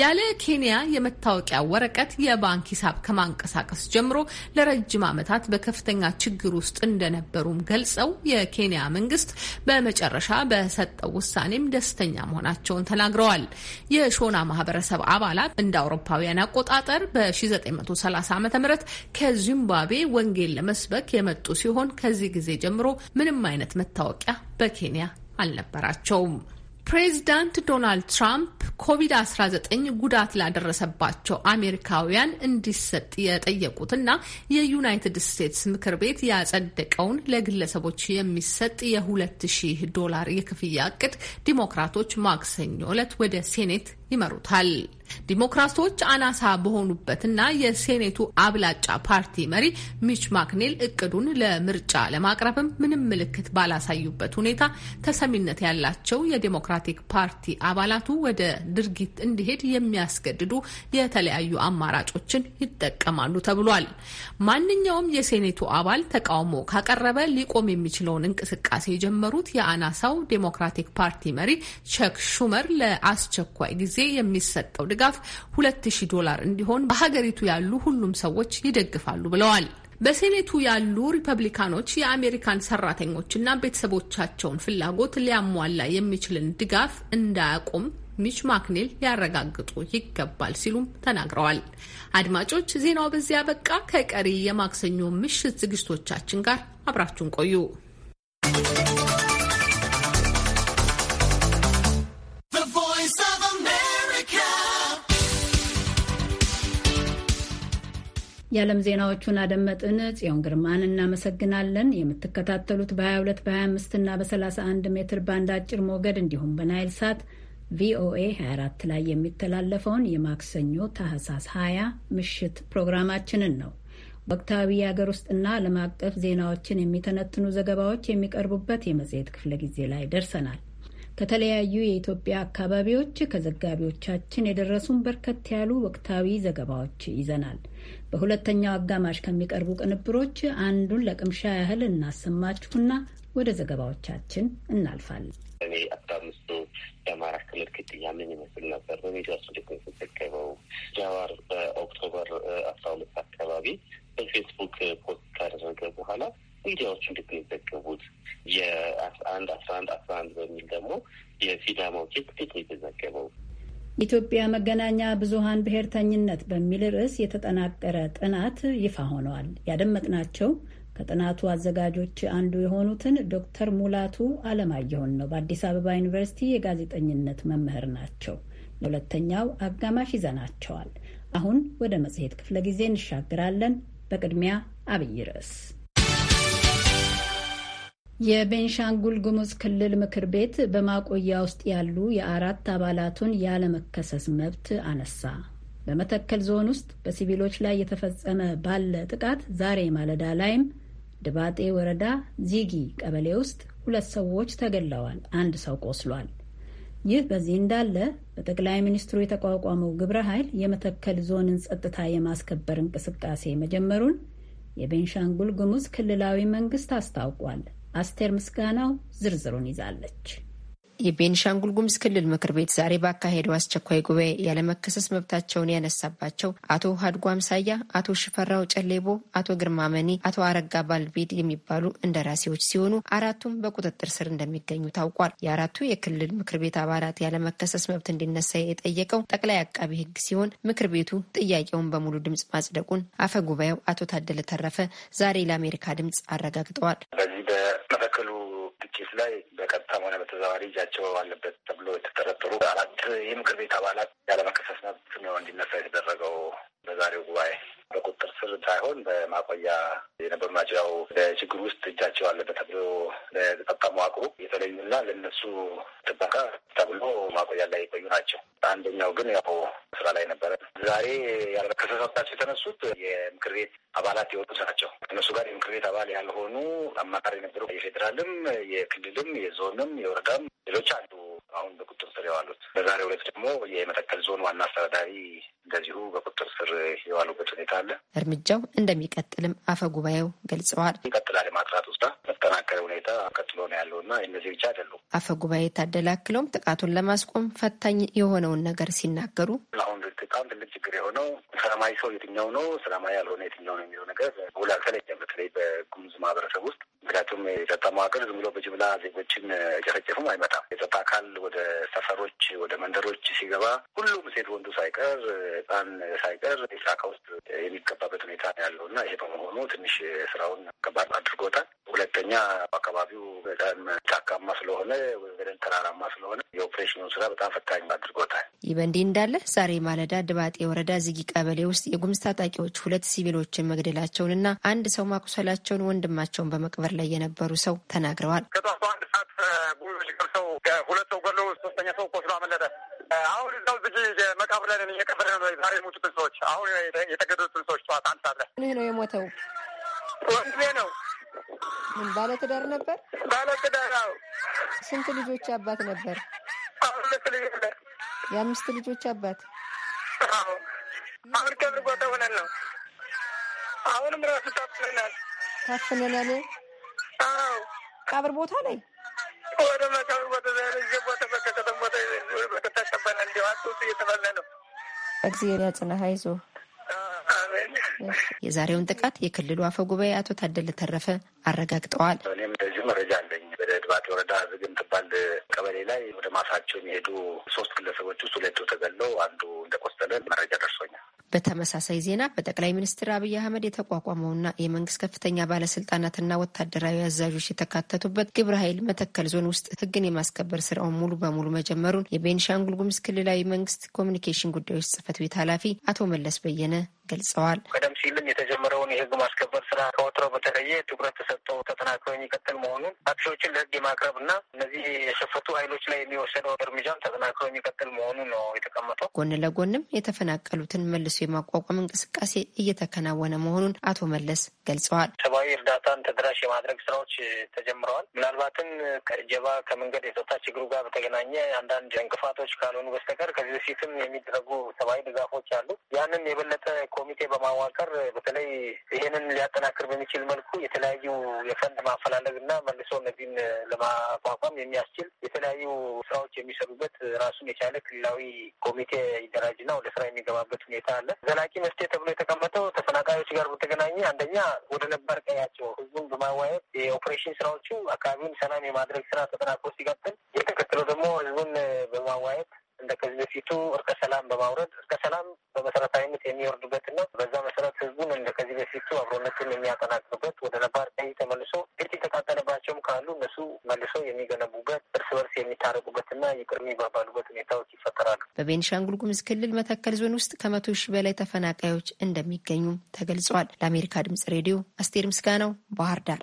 ያለ ኬንያ የመታወቂያ ወረቀት የባንክ ሂሳብ ከማንቀሳቀስ ጀምሮ ለረጅም ዓመታት በከፍተኛ ችግር ውስጥ እንደነበሩም ገልጸው የኬንያ መንግስት በመጨረሻ በሰጠው ውሳኔም ደስተኛ መሆናቸውን ተናግረዋል። የሾና ማህበረሰብ አባላት እንደ አውሮፓውያን አቆጣጠር በ1930 ዓ ም ከዚምባብዌ ወንጌል ለመስበክ የመጡ ሲሆን ከዚህ ጊዜ ጀምሮ ምንም አይነት መታወቂያ በኬንያ አልነበራቸውም። ፕሬዚዳንት ዶናልድ ትራምፕ ኮቪድ-19 ጉዳት ላደረሰባቸው አሜሪካውያን እንዲሰጥ የጠየቁትና የዩናይትድ ስቴትስ ምክር ቤት ያጸደቀውን ለግለሰቦች የሚሰጥ የ2000 ዶላር የክፍያ እቅድ ዲሞክራቶች ማክሰኞ ዕለት ወደ ሴኔት ይመሩታል። ዲሞክራቶች አናሳ በሆኑበትና የሴኔቱ አብላጫ ፓርቲ መሪ ሚች ማክኔል እቅዱን ለምርጫ ለማቅረብም ምንም ምልክት ባላሳዩበት ሁኔታ ተሰሚነት ያላቸው የዲሞክራቲክ ፓርቲ አባላቱ ወደ ድርጊት እንዲሄድ የሚያስገድዱ የተለያዩ አማራጮችን ይጠቀማሉ ተብሏል። ማንኛውም የሴኔቱ አባል ተቃውሞ ካቀረበ ሊቆም የሚችለውን እንቅስቃሴ የጀመሩት የአናሳው ዲሞክራቲክ ፓርቲ መሪ ቸክ ሹመር ለአስቸኳይ ጊዜ የሚሰጠው ድጋፍ ሁለት ዶላር እንዲሆን በሀገሪቱ ያሉ ሁሉም ሰዎች ይደግፋሉ ብለዋል። በሴኔቱ ያሉ ሪፐብሊካኖች የአሜሪካን ሰራተኞችና ቤተሰቦቻቸውን ፍላጎት ሊያሟላ የሚችልን ድጋፍ እንዳያቆም ሚች ማክኔል ሊያረጋግጡ ይገባል ሲሉም ተናግረዋል። አድማጮች፣ ዜናው በዚያ በቃ። ከቀሪ የማክሰኞ ምሽት ዝግጅቶቻችን ጋር አብራችሁን ቆዩ። የዓለም ዜናዎቹን አደመጥን። ጽዮን ግርማን እናመሰግናለን። የምትከታተሉት በ22 በ25 እና በ31 ሜትር ባንድ አጭር ሞገድ እንዲሁም በናይል ሳት ቪኦኤ 24 ላይ የሚተላለፈውን የማክሰኞ ታህሳስ 20 ምሽት ፕሮግራማችንን ነው። ወቅታዊ የአገር ውስጥና ዓለም አቀፍ ዜናዎችን የሚተነትኑ ዘገባዎች የሚቀርቡበት የመጽሔት ክፍለ ጊዜ ላይ ደርሰናል። ከተለያዩ የኢትዮጵያ አካባቢዎች ከዘጋቢዎቻችን የደረሱን በርከት ያሉ ወቅታዊ ዘገባዎች ይዘናል። በሁለተኛው አጋማሽ ከሚቀርቡ ቅንብሮች አንዱን ለቅምሻ ያህል እናሰማችሁና ወደ ዘገባዎቻችን እናልፋለን። እኔ አስራ አምስቱ የአማራ ክልል ግድያ ምን ይመስል ነበር? በሚዲያ ውስጥ እንዴት የተዘገበው? ጃዋር በኦክቶበር አስራ ሁለት አካባቢ በፌስቡክ ፖስት ካደረገ በኋላ ሚዲያዎች እንዴት ነው የዘገቡት? የአስራ አንድ አስራ አንድ አስራ አንድ በሚል ደግሞ የሲዳማው ኬዝ እንዴት ነው የተዘገበው? የኢትዮጵያ መገናኛ ብዙሃን ብሔርተኝነት በሚል ርዕስ የተጠናቀረ ጥናት ይፋ ሆነዋል። ያደመጥናቸው ከጥናቱ አዘጋጆች አንዱ የሆኑትን ዶክተር ሙላቱ አለማየሁን ነው። በአዲስ አበባ ዩኒቨርሲቲ የጋዜጠኝነት መምህር ናቸው። ለሁለተኛው አጋማሽ ይዘናቸዋል። አሁን ወደ መጽሔት ክፍለ ጊዜ እንሻገራለን። በቅድሚያ አብይ ርዕስ የቤንሻንጉል ጉሙዝ ክልል ምክር ቤት በማቆያ ውስጥ ያሉ የአራት አባላቱን ያለመከሰስ መብት አነሳ። በመተከል ዞን ውስጥ በሲቪሎች ላይ የተፈጸመ ባለ ጥቃት ዛሬ ማለዳ ላይም ድባጤ ወረዳ ዚጊ ቀበሌ ውስጥ ሁለት ሰዎች ተገድለዋል፣ አንድ ሰው ቆስሏል። ይህ በዚህ እንዳለ በጠቅላይ ሚኒስትሩ የተቋቋመው ግብረ ኃይል የመተከል ዞንን ጸጥታ የማስከበር እንቅስቃሴ መጀመሩን የቤንሻንጉል ጉሙዝ ክልላዊ መንግስት አስታውቋል። አስቴር ምስጋናው ዝርዝሩን ይዛለች። የቤኒሻንጉል ጉምዝ ክልል ምክር ቤት ዛሬ ባካሄደው አስቸኳይ ጉባኤ ያለመከሰስ መብታቸውን ያነሳባቸው አቶ ሀድጎ አምሳያ፣ አቶ ሽፈራው ጨሌቦ፣ አቶ ግርማ መኒ፣ አቶ አረጋ ባልቤድ የሚባሉ እንደራሴዎች ሲሆኑ አራቱም በቁጥጥር ስር እንደሚገኙ ታውቋል። የአራቱ የክልል ምክር ቤት አባላት ያለመከሰስ መብት እንዲነሳ የጠየቀው ጠቅላይ አቃቢ ሕግ ሲሆን ምክር ቤቱ ጥያቄውን በሙሉ ድምጽ ማጽደቁን አፈ ጉባኤው አቶ ታደለ ተረፈ ዛሬ ለአሜሪካ ድምጽ አረጋግጠዋል። በዚህ በመፈክሉ ድርጅት ላይ በቀጥታም ሆነ በተዘዋዋሪ እጃቸው አለበት ተብሎ የተጠረጠሩ አራት የምክር ቤት አባላት ያለመከሰስ መብት ነው እንዲነሳ የተደረገው በዛሬው ጉባኤ በቁጥጥር ስር ሳይሆን በማቆያ የነበሩ ናቸው። ያው ውስጥ እጃቸው አለበት ተብሎ ለተጠጣ መዋቅሩ የተለዩና ለነሱ ጥበቃ ተብሎ ማቆያ ላይ የቆዩ ናቸው። አንደኛው ግን ያው ስራ ላይ ነበረ። ዛሬ ከስህተታቸው የተነሱት የምክር ቤት አባላት የወጡት ናቸው። እነሱ ጋር የምክር ቤት አባል ያልሆኑ አማካሪ የነበሩ የፌዴራልም፣ የክልልም፣ የዞንም፣ የወረዳም ሌሎች አሉ። አሁን በቁጥር ስር የዋሉት። በዛሬ ሁለት ደግሞ የመተከል ዞን ዋና አስተዳዳሪ እንደዚሁ በቁጥር ስር የዋሉበት ሁኔታ አለ። እርምጃው እንደሚቀጥልም አፈ ጉባኤው ገልጸዋል። ይቀጥላል። የማጥራት ውስጥ በተጠናከረ ሁኔታ ቀጥሎ ነው ያለው እና እነዚህ ብቻ አይደሉም። አፈ ጉባኤ ታደለ አክለውም ጥቃቱን ለማስቆም ፈታኝ የሆነውን ነገር ሲናገሩ አሁን በጣም ትልቅ ችግር የሆነው ሰላማዊ ሰው የትኛው ነው፣ ሰላማዊ ያልሆነ የትኛው ነው የሚለው ነገር ውል አልተለየም። በተለይ በጉሙዝ ማህበረሰብ ውስጥ ምክንያቱም የጸጥታ መዋቅር ዝም ብሎ በጅምላ ዜጎችን ጨፈጨፉም አይመጣም። የጸጥታ አካል ወደ ሰፈሮች፣ ወደ መንደሮች ሲገባ ሁሉም ሴት ወንዱ ሳይቀር ሕፃን ሳይቀር ጫካ ውስጥ የሚገባበት ሁኔታ ያለው እና ይሄ በመሆኑ ትንሽ ስራውን ከባድ አድርጎታል። ሁለተኛ አካባቢው በጣም ጫካማ ስለሆነ ወይም ተራራማ ስለሆነ የኦፕሬሽኑን ስራ በጣም ፈታኝ አድርጎታል። ይህ በእንዲህ እንዳለ ዛሬ ማለዳ ድባጤ ወረዳ ዝጊ ቀበሌ ውስጥ የጉምዝ ታጣቂዎች ሁለት ሲቪሎችን መግደላቸውንና አንድ ሰው ማቁሰላቸውን ወንድማቸውን በመቅበር ላይ የነበሩ ሰው ተናግረዋል። ከጠዋቱ አንድ ሰዓት ጉዞች ሁለት ሰው ገሎ ሶስተኛ ሰው ቆስሎ አመለጠ። አሁን እዛው ዝጊ መቃብር ላይ እየቀበረ ነው ዛሬ የሞቱትን ሰዎች፣ አሁን የተገደሉትን ሰዎች ጠዋት አንድ ሰዓት ላይ ነው የሞተው ወንድሜ ነው። ምን ነበር? ባለትዳር ው ስንት ልጆች አባት ነበር? ልጆች ነ የአምስት ልጆች አባት አሁን ከብር ቦታ ሆነን ነው። አሁንም ራሱ ታፍነናል ታፍነናል ቀብር ቦታ ላይ ወደ ቦታ ቦታ ቦታ ነው። እግዚአብሔር ያጽናህ። አይዞህ። የዛሬውን ጥቃት የክልሉ አፈ ጉባኤ አቶ ታደለ ተረፈ አረጋግጠዋል። እኔም እንደዚሁ መረጃ አለኝ ድባቴ ወረዳ ዝግን ትባል ቀበሌ ላይ ወደ ማሳቸው የሚሄዱ ሶስት ግለሰቦች ውስጥ ሁለቱ ተገለው አንዱ እንደቆሰለ መረጃ ደርሶኛል። በተመሳሳይ ዜና በጠቅላይ ሚኒስትር አብይ አህመድ የተቋቋመውና የመንግስት ከፍተኛ ባለስልጣናትና ወታደራዊ አዛዦች የተካተቱበት ግብረ ኃይል መተከል ዞን ውስጥ ህግን የማስከበር ስራውን ሙሉ በሙሉ መጀመሩን የቤንሻንጉል ጉምዝ ክልላዊ መንግስት ኮሚኒኬሽን ጉዳዮች ጽህፈት ቤት ኃላፊ አቶ መለስ በየነ ገልጸዋል። ቀደም ሲልም የተጀመረውን የህግ ማስከበር ስራ ከወትሮ በተለየ ትኩረት ተሰጥቶ ተጠናክሮ የሚቀጥል መሆኑን አጥፊዎችን ለህግ የማቅረብ እና እነዚህ የሸፈቱ ኃይሎች ላይ የሚወሰደው እርምጃም ተጠናክሮ የሚቀጥል መሆኑ ነው የተቀመጠው። ጎን ለጎንም የተፈናቀሉትን መልሶ የማቋቋም እንቅስቃሴ እየተከናወነ መሆኑን አቶ መለስ ገልጸዋል። ሰብአዊ እርዳታን ተደራሽ የማድረግ ስራዎች ተጀምረዋል። ምናልባትም ከእጀባ ከመንገድ የጸጥታ ችግሩ ጋር በተገናኘ አንዳንድ እንቅፋቶች ካልሆኑ በስተቀር ከዚህ በፊትም የሚደረጉ ሰብአዊ ድጋፎች አሉ። ያንን የበለጠ ኮሚቴ በማዋቀር በተለይ ይህንን ሊያጠናክር በሚችል መልኩ የተለያዩ የፈንድ ማፈላለግ እና መልሶ እነዚህን ለማቋቋም የሚያስችል የተለያዩ ስራዎች የሚሰሩበት ራሱን የቻለ ክልላዊ ኮሚቴ ይደራጅና ወደ ስራ የሚገባበት ሁኔታ አለ። ዘላቂ መፍትሄ ተብሎ የተቀመጠው ተፈናቃዮች ጋር በተገናኘ አንደኛ ወደ ነባር ቀያቸው ህዝቡን በማዋየት የኦፕሬሽን ስራዎቹ አካባቢውን ሰላም የማድረግ ስራ ተጠናክሮ ሲቀጥል፣ የተከተለው ደግሞ ህዝቡን በማዋየት እንደ ከዚህ በፊቱ እርቀ ሰላም በማውረድ እርቀ ሰላም በመሰረታዊነት የሚወርድበትና በዛ መሰረት ህዝቡን እንደ ከዚህ በፊቱ አብሮነትን የሚያጠናክርበት ወደ ነባር ቀይ ተመልሶ ግጭት የተቃጠለባቸውም ካሉ እነሱ መልሶ የሚገነቡበት እርስ በርስ የሚታረቁበትና ይቅር የሚባባሉበት ሁኔታዎች ይፈጠራሉ። በቤንሻንጉል ጉሙዝ ክልል መተከል ዞን ውስጥ ከመቶ ሺህ በላይ ተፈናቃዮች እንደሚገኙ ተገልጿል። ለአሜሪካ ድምጽ ሬዲዮ አስቴር ምስጋናው ባህር ዳር።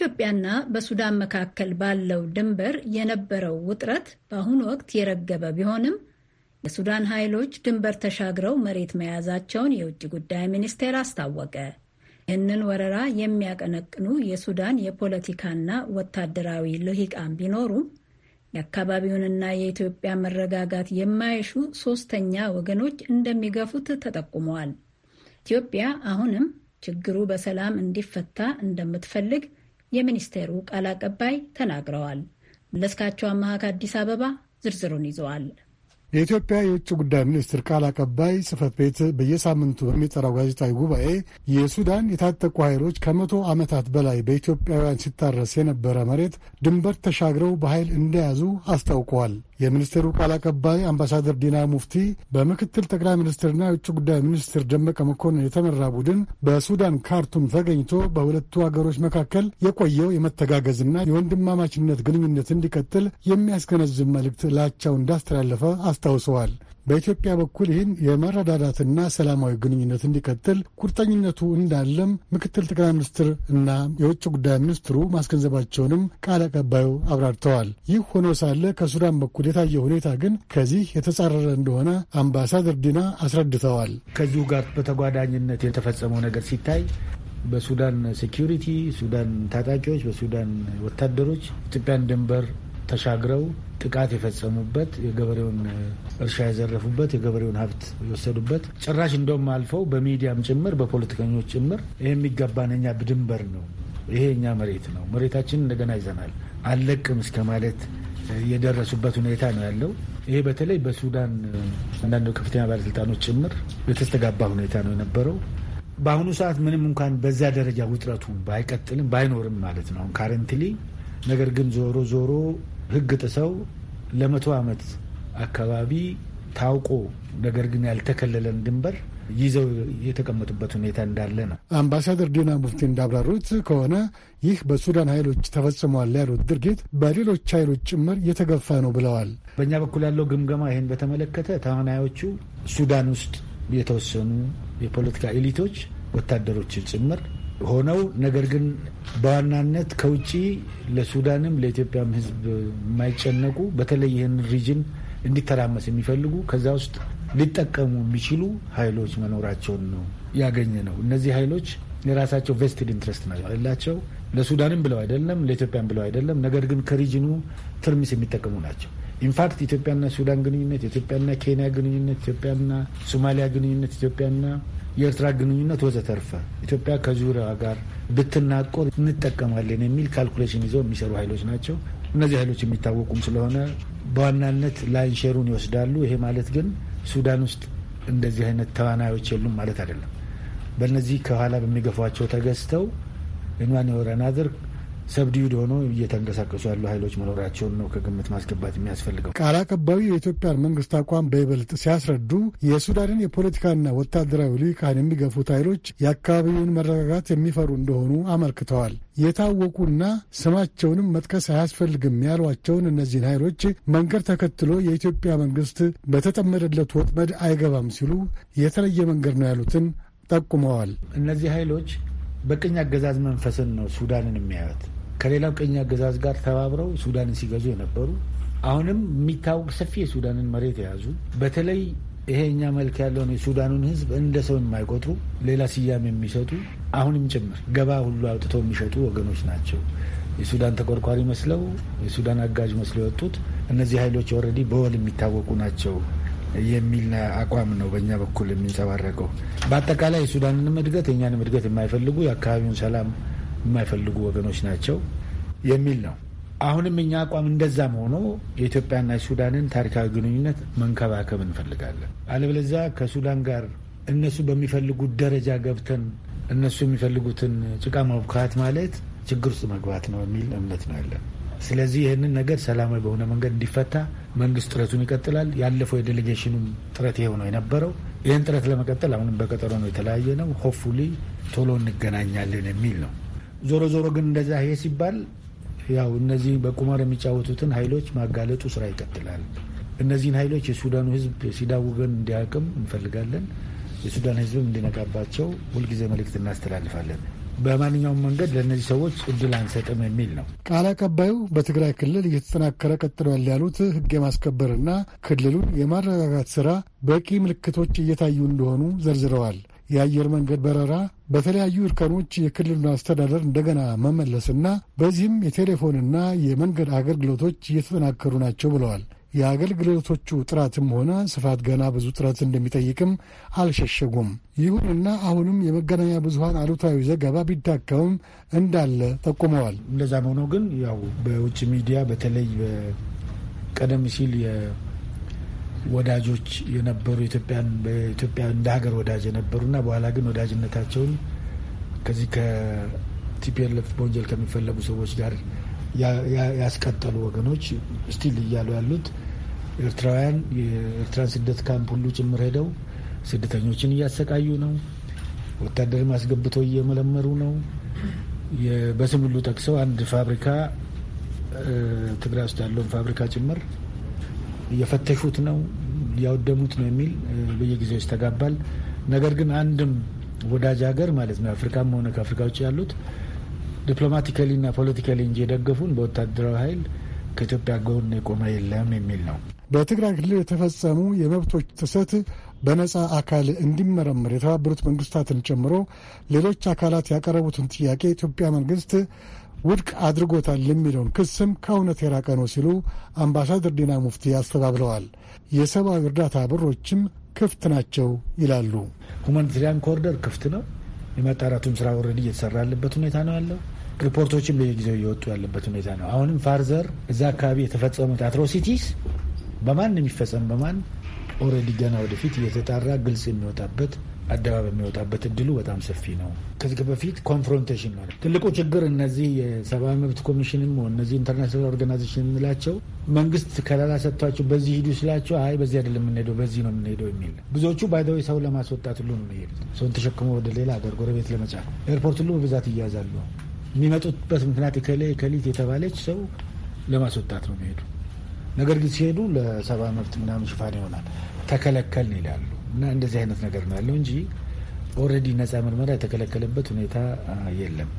በኢትዮጵያና በሱዳን መካከል ባለው ድንበር የነበረው ውጥረት በአሁኑ ወቅት የረገበ ቢሆንም የሱዳን ኃይሎች ድንበር ተሻግረው መሬት መያዛቸውን የውጭ ጉዳይ ሚኒስቴር አስታወቀ። ይህንን ወረራ የሚያቀነቅኑ የሱዳን የፖለቲካና ወታደራዊ ልሂቃን ቢኖሩም የአካባቢውንና የኢትዮጵያ መረጋጋት የማይሹ ሶስተኛ ወገኖች እንደሚገፉት ተጠቁመዋል። ኢትዮጵያ አሁንም ችግሩ በሰላም እንዲፈታ እንደምትፈልግ የሚኒስቴሩ ቃል አቀባይ ተናግረዋል። መለስካቸው አመሃ ከአዲስ አበባ ዝርዝሩን ይዘዋል። የኢትዮጵያ የውጭ ጉዳይ ሚኒስትር ቃል አቀባይ ጽህፈት ቤት በየሳምንቱ በሚጠራው ጋዜጣዊ ጉባኤ የሱዳን የታጠቁ ኃይሎች ከመቶ ዓመታት በላይ በኢትዮጵያውያን ሲታረስ የነበረ መሬት ድንበር ተሻግረው በኃይል እንደያዙ አስታውቀዋል። የሚኒስቴሩ ቃል አቀባይ አምባሳደር ዲና ሙፍቲ በምክትል ጠቅላይ ሚኒስትርና የውጭ ጉዳይ ሚኒስትር ደመቀ መኮንን የተመራ ቡድን በሱዳን ካርቱም ተገኝቶ በሁለቱ አገሮች መካከል የቆየው የመተጋገዝና የወንድማማችነት ግንኙነት እንዲቀጥል የሚያስገነዝብ መልእክት ላቻው እንዳስተላለፈ አስታውሰዋል። በኢትዮጵያ በኩል ይህን የመረዳዳትና ሰላማዊ ግንኙነት እንዲቀጥል ቁርጠኝነቱ እንዳለም ምክትል ጠቅላይ ሚኒስትር እና የውጭ ጉዳይ ሚኒስትሩ ማስገንዘባቸውንም ቃል አቀባዩ አብራርተዋል። ይህ ሆኖ ሳለ ከሱዳን በኩል የታየው ሁኔታ ግን ከዚህ የተጻረረ እንደሆነ አምባሳደር ዲና አስረድተዋል። ከዚሁ ጋር በተጓዳኝነት የተፈጸመው ነገር ሲታይ በሱዳን ሴኪሪቲ፣ ሱዳን ታጣቂዎች፣ በሱዳን ወታደሮች ኢትዮጵያን ድንበር ተሻግረው ጥቃት የፈጸሙበት የገበሬውን እርሻ የዘረፉበት የገበሬውን ሀብት የወሰዱበት ጭራሽ እንደውም አልፈው በሚዲያም ጭምር በፖለቲከኞች ጭምር ይህ የሚገባን እኛ ድንበር ነው፣ ይሄ እኛ መሬት ነው፣ መሬታችን እንደገና ይዘናል አለቅም እስከ ማለት የደረሱበት ሁኔታ ነው ያለው። ይሄ በተለይ በሱዳን አንዳንድ ከፍተኛ ባለስልጣኖች ጭምር የተስተጋባ ሁኔታ ነው የነበረው። በአሁኑ ሰዓት ምንም እንኳን በዛ ደረጃ ውጥረቱ ባይቀጥልም ባይኖርም ማለት ነው ካረንትሊ ነገር ግን ዞሮ ዞሮ ህግ ጥሰው ለመቶ ዓመት አካባቢ ታውቆ ነገር ግን ያልተከለለን ድንበር ይዘው የተቀመጡበት ሁኔታ እንዳለ ነው። አምባሳደር ዲና ሙፍቲ እንዳብራሩት ከሆነ ይህ በሱዳን ኃይሎች ተፈጽሟል ያሉት ድርጊት በሌሎች ኃይሎች ጭምር የተገፋ ነው ብለዋል። በእኛ በኩል ያለው ግምገማ ይህን በተመለከተ ተዋናዮቹ ሱዳን ውስጥ የተወሰኑ የፖለቲካ ኤሊቶች፣ ወታደሮችን ጭምር ሆነው ነገር ግን በዋናነት ከውጭ ለሱዳንም ለኢትዮጵያም ህዝብ የማይጨነቁ በተለይ ይህን ሪጅን እንዲተራመስ የሚፈልጉ ከዛ ውስጥ ሊጠቀሙ የሚችሉ ኃይሎች መኖራቸውን ነው ያገኘ ነው። እነዚህ ኃይሎች የራሳቸው ቬስትድ ኢንትረስት ያላቸው ለሱዳንም ብለው አይደለም፣ ለኢትዮጵያም ብለው አይደለም። ነገር ግን ከሪጅኑ ትርምስ የሚጠቀሙ ናቸው። ኢንፋክት ኢትዮጵያና ሱዳን ግንኙነት፣ ኢትዮጵያና ኬንያ ግንኙነት፣ ኢትዮጵያና ሶማሊያ ግንኙነት፣ ኢትዮጵያና የኤርትራ ግንኙነት ወዘተርፈ ኢትዮጵያ ከዙሪያዋ ጋር ብትናቆር እንጠቀማለን የሚል ካልኩሌሽን ይዘው የሚሰሩ ኃይሎች ናቸው። እነዚህ ኃይሎች የሚታወቁም ስለሆነ በዋናነት ላይንሸሩን ይወስዳሉ። ይሄ ማለት ግን ሱዳን ውስጥ እንደዚህ አይነት ተዋናዮች የሉም ማለት አይደለም። በእነዚህ ከኋላ በሚገፏቸው ተገዝተው ኢንዋን ወረናድር ሰብዲዩድ ሆነው እየተንቀሳቀሱ ያሉ ኃይሎች መኖራቸውን ነው ከግምት ማስገባት የሚያስፈልገው። ቃል አቀባዩ የኢትዮጵያን መንግስት አቋም በይበልጥ ሲያስረዱ የሱዳንን የፖለቲካና ወታደራዊ ልሂቃን የሚገፉት ኃይሎች የአካባቢውን መረጋጋት የሚፈሩ እንደሆኑ አመልክተዋል። የታወቁና ስማቸውንም መጥቀስ አያስፈልግም ያሏቸውን እነዚህን ኃይሎች መንገድ ተከትሎ የኢትዮጵያ መንግስት በተጠመደለት ወጥመድ አይገባም ሲሉ የተለየ መንገድ ነው ያሉትን ጠቁመዋል። እነዚህ ኃይሎች በቅኝ አገዛዝ መንፈስን ነው ሱዳንን የሚያዩት። ከሌላው ቀኝ አገዛዝ ጋር ተባብረው ሱዳንን ሲገዙ የነበሩ አሁንም የሚታወቅ ሰፊ የሱዳንን መሬት የያዙ በተለይ ይሄ እኛ መልክ ያለውን የሱዳኑን ሕዝብ እንደ ሰው የማይቆጥሩ ሌላ ስያሜ የሚሰጡ አሁንም ጭምር ገባ ሁሉ አውጥተው የሚሸጡ ወገኖች ናቸው። የሱዳን ተቆርቋሪ መስለው የሱዳን አጋዥ መስለው የወጡት እነዚህ ኃይሎች ኦልሬዲ በወል የሚታወቁ ናቸው የሚል አቋም ነው በእኛ በኩል የሚንጸባረቀው። በአጠቃላይ የሱዳንንም እድገት የእኛንም እድገት የማይፈልጉ የአካባቢውን ሰላም የማይፈልጉ ወገኖች ናቸው የሚል ነው። አሁንም እኛ አቋም እንደዛም ሆኖ የኢትዮጵያና የሱዳንን ታሪካዊ ግንኙነት መንከባከብ እንፈልጋለን። አለበለዚያ ከሱዳን ጋር እነሱ በሚፈልጉት ደረጃ ገብተን እነሱ የሚፈልጉትን ጭቃ መብካት ማለት ችግር ውስጥ መግባት ነው የሚል እምነት ነው ያለን። ስለዚህ ይህንን ነገር ሰላማዊ በሆነ መንገድ እንዲፈታ መንግስት ጥረቱን ይቀጥላል። ያለፈው የዴሌጌሽኑም ጥረት ይሄው ነው የነበረው። ይህን ጥረት ለመቀጠል አሁንም በቀጠሮ ነው የተለያየ ነው። ሆፉሊ ቶሎ እንገናኛለን የሚል ነው። ዞሮ ዞሮ ግን እንደዛ ይሄ ሲባል ያው እነዚህ በቁማር የሚጫወቱትን ኃይሎች ማጋለጡ ስራ ይቀጥላል። እነዚህን ኃይሎች የሱዳኑ ህዝብ ሲዳውገን እንዲያቅም እንፈልጋለን። የሱዳን ህዝብም እንዲነቃባቸው ሁልጊዜ መልእክት እናስተላልፋለን። በማንኛውም መንገድ ለእነዚህ ሰዎች እድል አንሰጥም የሚል ነው ቃል አቀባዩ። በትግራይ ክልል እየተጠናከረ ቀጥሏል ያሉት ህግ የማስከበርና ክልሉን የማረጋጋት ስራ በቂ ምልክቶች እየታዩ እንደሆኑ ዘርዝረዋል። የአየር መንገድ በረራ በተለያዩ እርከኖች የክልሉን አስተዳደር እንደገና መመለስና በዚህም የቴሌፎንና የመንገድ አገልግሎቶች እየተጠናከሩ ናቸው ብለዋል። የአገልግሎቶቹ ጥራትም ሆነ ስፋት ገና ብዙ ጥረት እንደሚጠይቅም አልሸሸጉም። ይሁንና አሁንም የመገናኛ ብዙኃን አሉታዊ ዘገባ ቢዳከምም እንዳለ ጠቁመዋል። እንደዛም ሆኖ ግን ያው በውጭ ሚዲያ በተለይ ቀደም ሲል ወዳጆች የነበሩ ኢትዮጵያን በኢትዮጵያ እንደ ሀገር ወዳጅ የነበሩና በኋላ ግን ወዳጅነታቸውን ከዚህ ከቲፒኤልኤፍ በወንጀል ከሚፈለጉ ሰዎች ጋር ያስቀጠሉ ወገኖች ስቲል እያሉ ያሉት ኤርትራውያን የኤርትራን ስደት ካምፕ ሁሉ ጭምር ሄደው ስደተኞችን እያሰቃዩ ነው። ወታደር አስገብተው እየመለመሩ ነው። በስም ሁሉ ጠቅሰው አንድ ፋብሪካ ትግራይ ውስጥ ያለውን ፋብሪካ ጭምር እየፈተሹት ነው፣ እያወደሙት ነው የሚል በየጊዜው ይስተጋባል። ነገር ግን አንድም ወዳጅ ሀገር ማለት ነው አፍሪካም ሆነ ከአፍሪካ ውጭ ያሉት ዲፕሎማቲካሊና ፖለቲካሊ እንጂ የደገፉን በወታደራዊ ኃይል ከኢትዮጵያ ጎን የቆመ የለም የሚል ነው። በትግራይ ክልል የተፈጸሙ የመብቶች ጥሰት በነጻ አካል እንዲመረመር የተባበሩት መንግስታትን ጨምሮ ሌሎች አካላት ያቀረቡትን ጥያቄ የኢትዮጵያ መንግስት ውድቅ አድርጎታል የሚለውን ክስም ከእውነት የራቀ ነው ሲሉ አምባሳደር ዲና ሙፍቲ አስተባብለዋል። የሰብአዊ እርዳታ በሮችም ክፍት ናቸው ይላሉ። ሁማኒታሪያን ኮሪደር ክፍት ነው። የማጣራቱም ስራ ወረድ እየተሰራ ያለበት ሁኔታ ነው ያለው። ሪፖርቶችም በየጊዜው እየወጡ ያለበት ሁኔታ ነው። አሁንም ፋርዘር እዛ አካባቢ የተፈጸሙት አትሮሲቲስ በማን የሚፈጸም በማን ኦረዲ ገና ወደፊት እየተጣራ ግልጽ የሚወጣበት አደባባይ የሚወጣበት እድሉ በጣም ሰፊ ነው። ከዚህ በፊት ኮንፍሮንቴሽን ነው ትልቁ ችግር። እነዚህ የሰብአዊ መብት ኮሚሽንም እነዚህ ኢንተርናሽናል ኦርጋናይዜሽን የምንላቸው መንግስት ከለላ ሰጥቷቸው በዚህ ሂዱ ስላቸው አይ በዚህ አይደለም የምንሄደው በዚህ ነው የምንሄደው የሚል ብዙዎቹ ባይደዊ ሰው ለማስወጣት ሁሉ ነው የሚሄዱት። ሰውን ተሸክሞ ወደ ሌላ ሀገር ጎረቤት ለመጫ ኤርፖርት ሁሉ በብዛት እያያዛሉ። የሚመጡበት ምክንያት የከሌ ከሊት የተባለች ሰው ለማስወጣት ነው የሚሄዱ። ነገር ግን ሲሄዱ ለሰብአዊ መብት ምናምን ሽፋን ይሆናል ተከለከልን ይላሉ። እና እንደዚህ አይነት ነገር ነው ያለው እንጂ ኦልሬዲ ነጻ ምርመራ የተከለከለበት ሁኔታ የለም።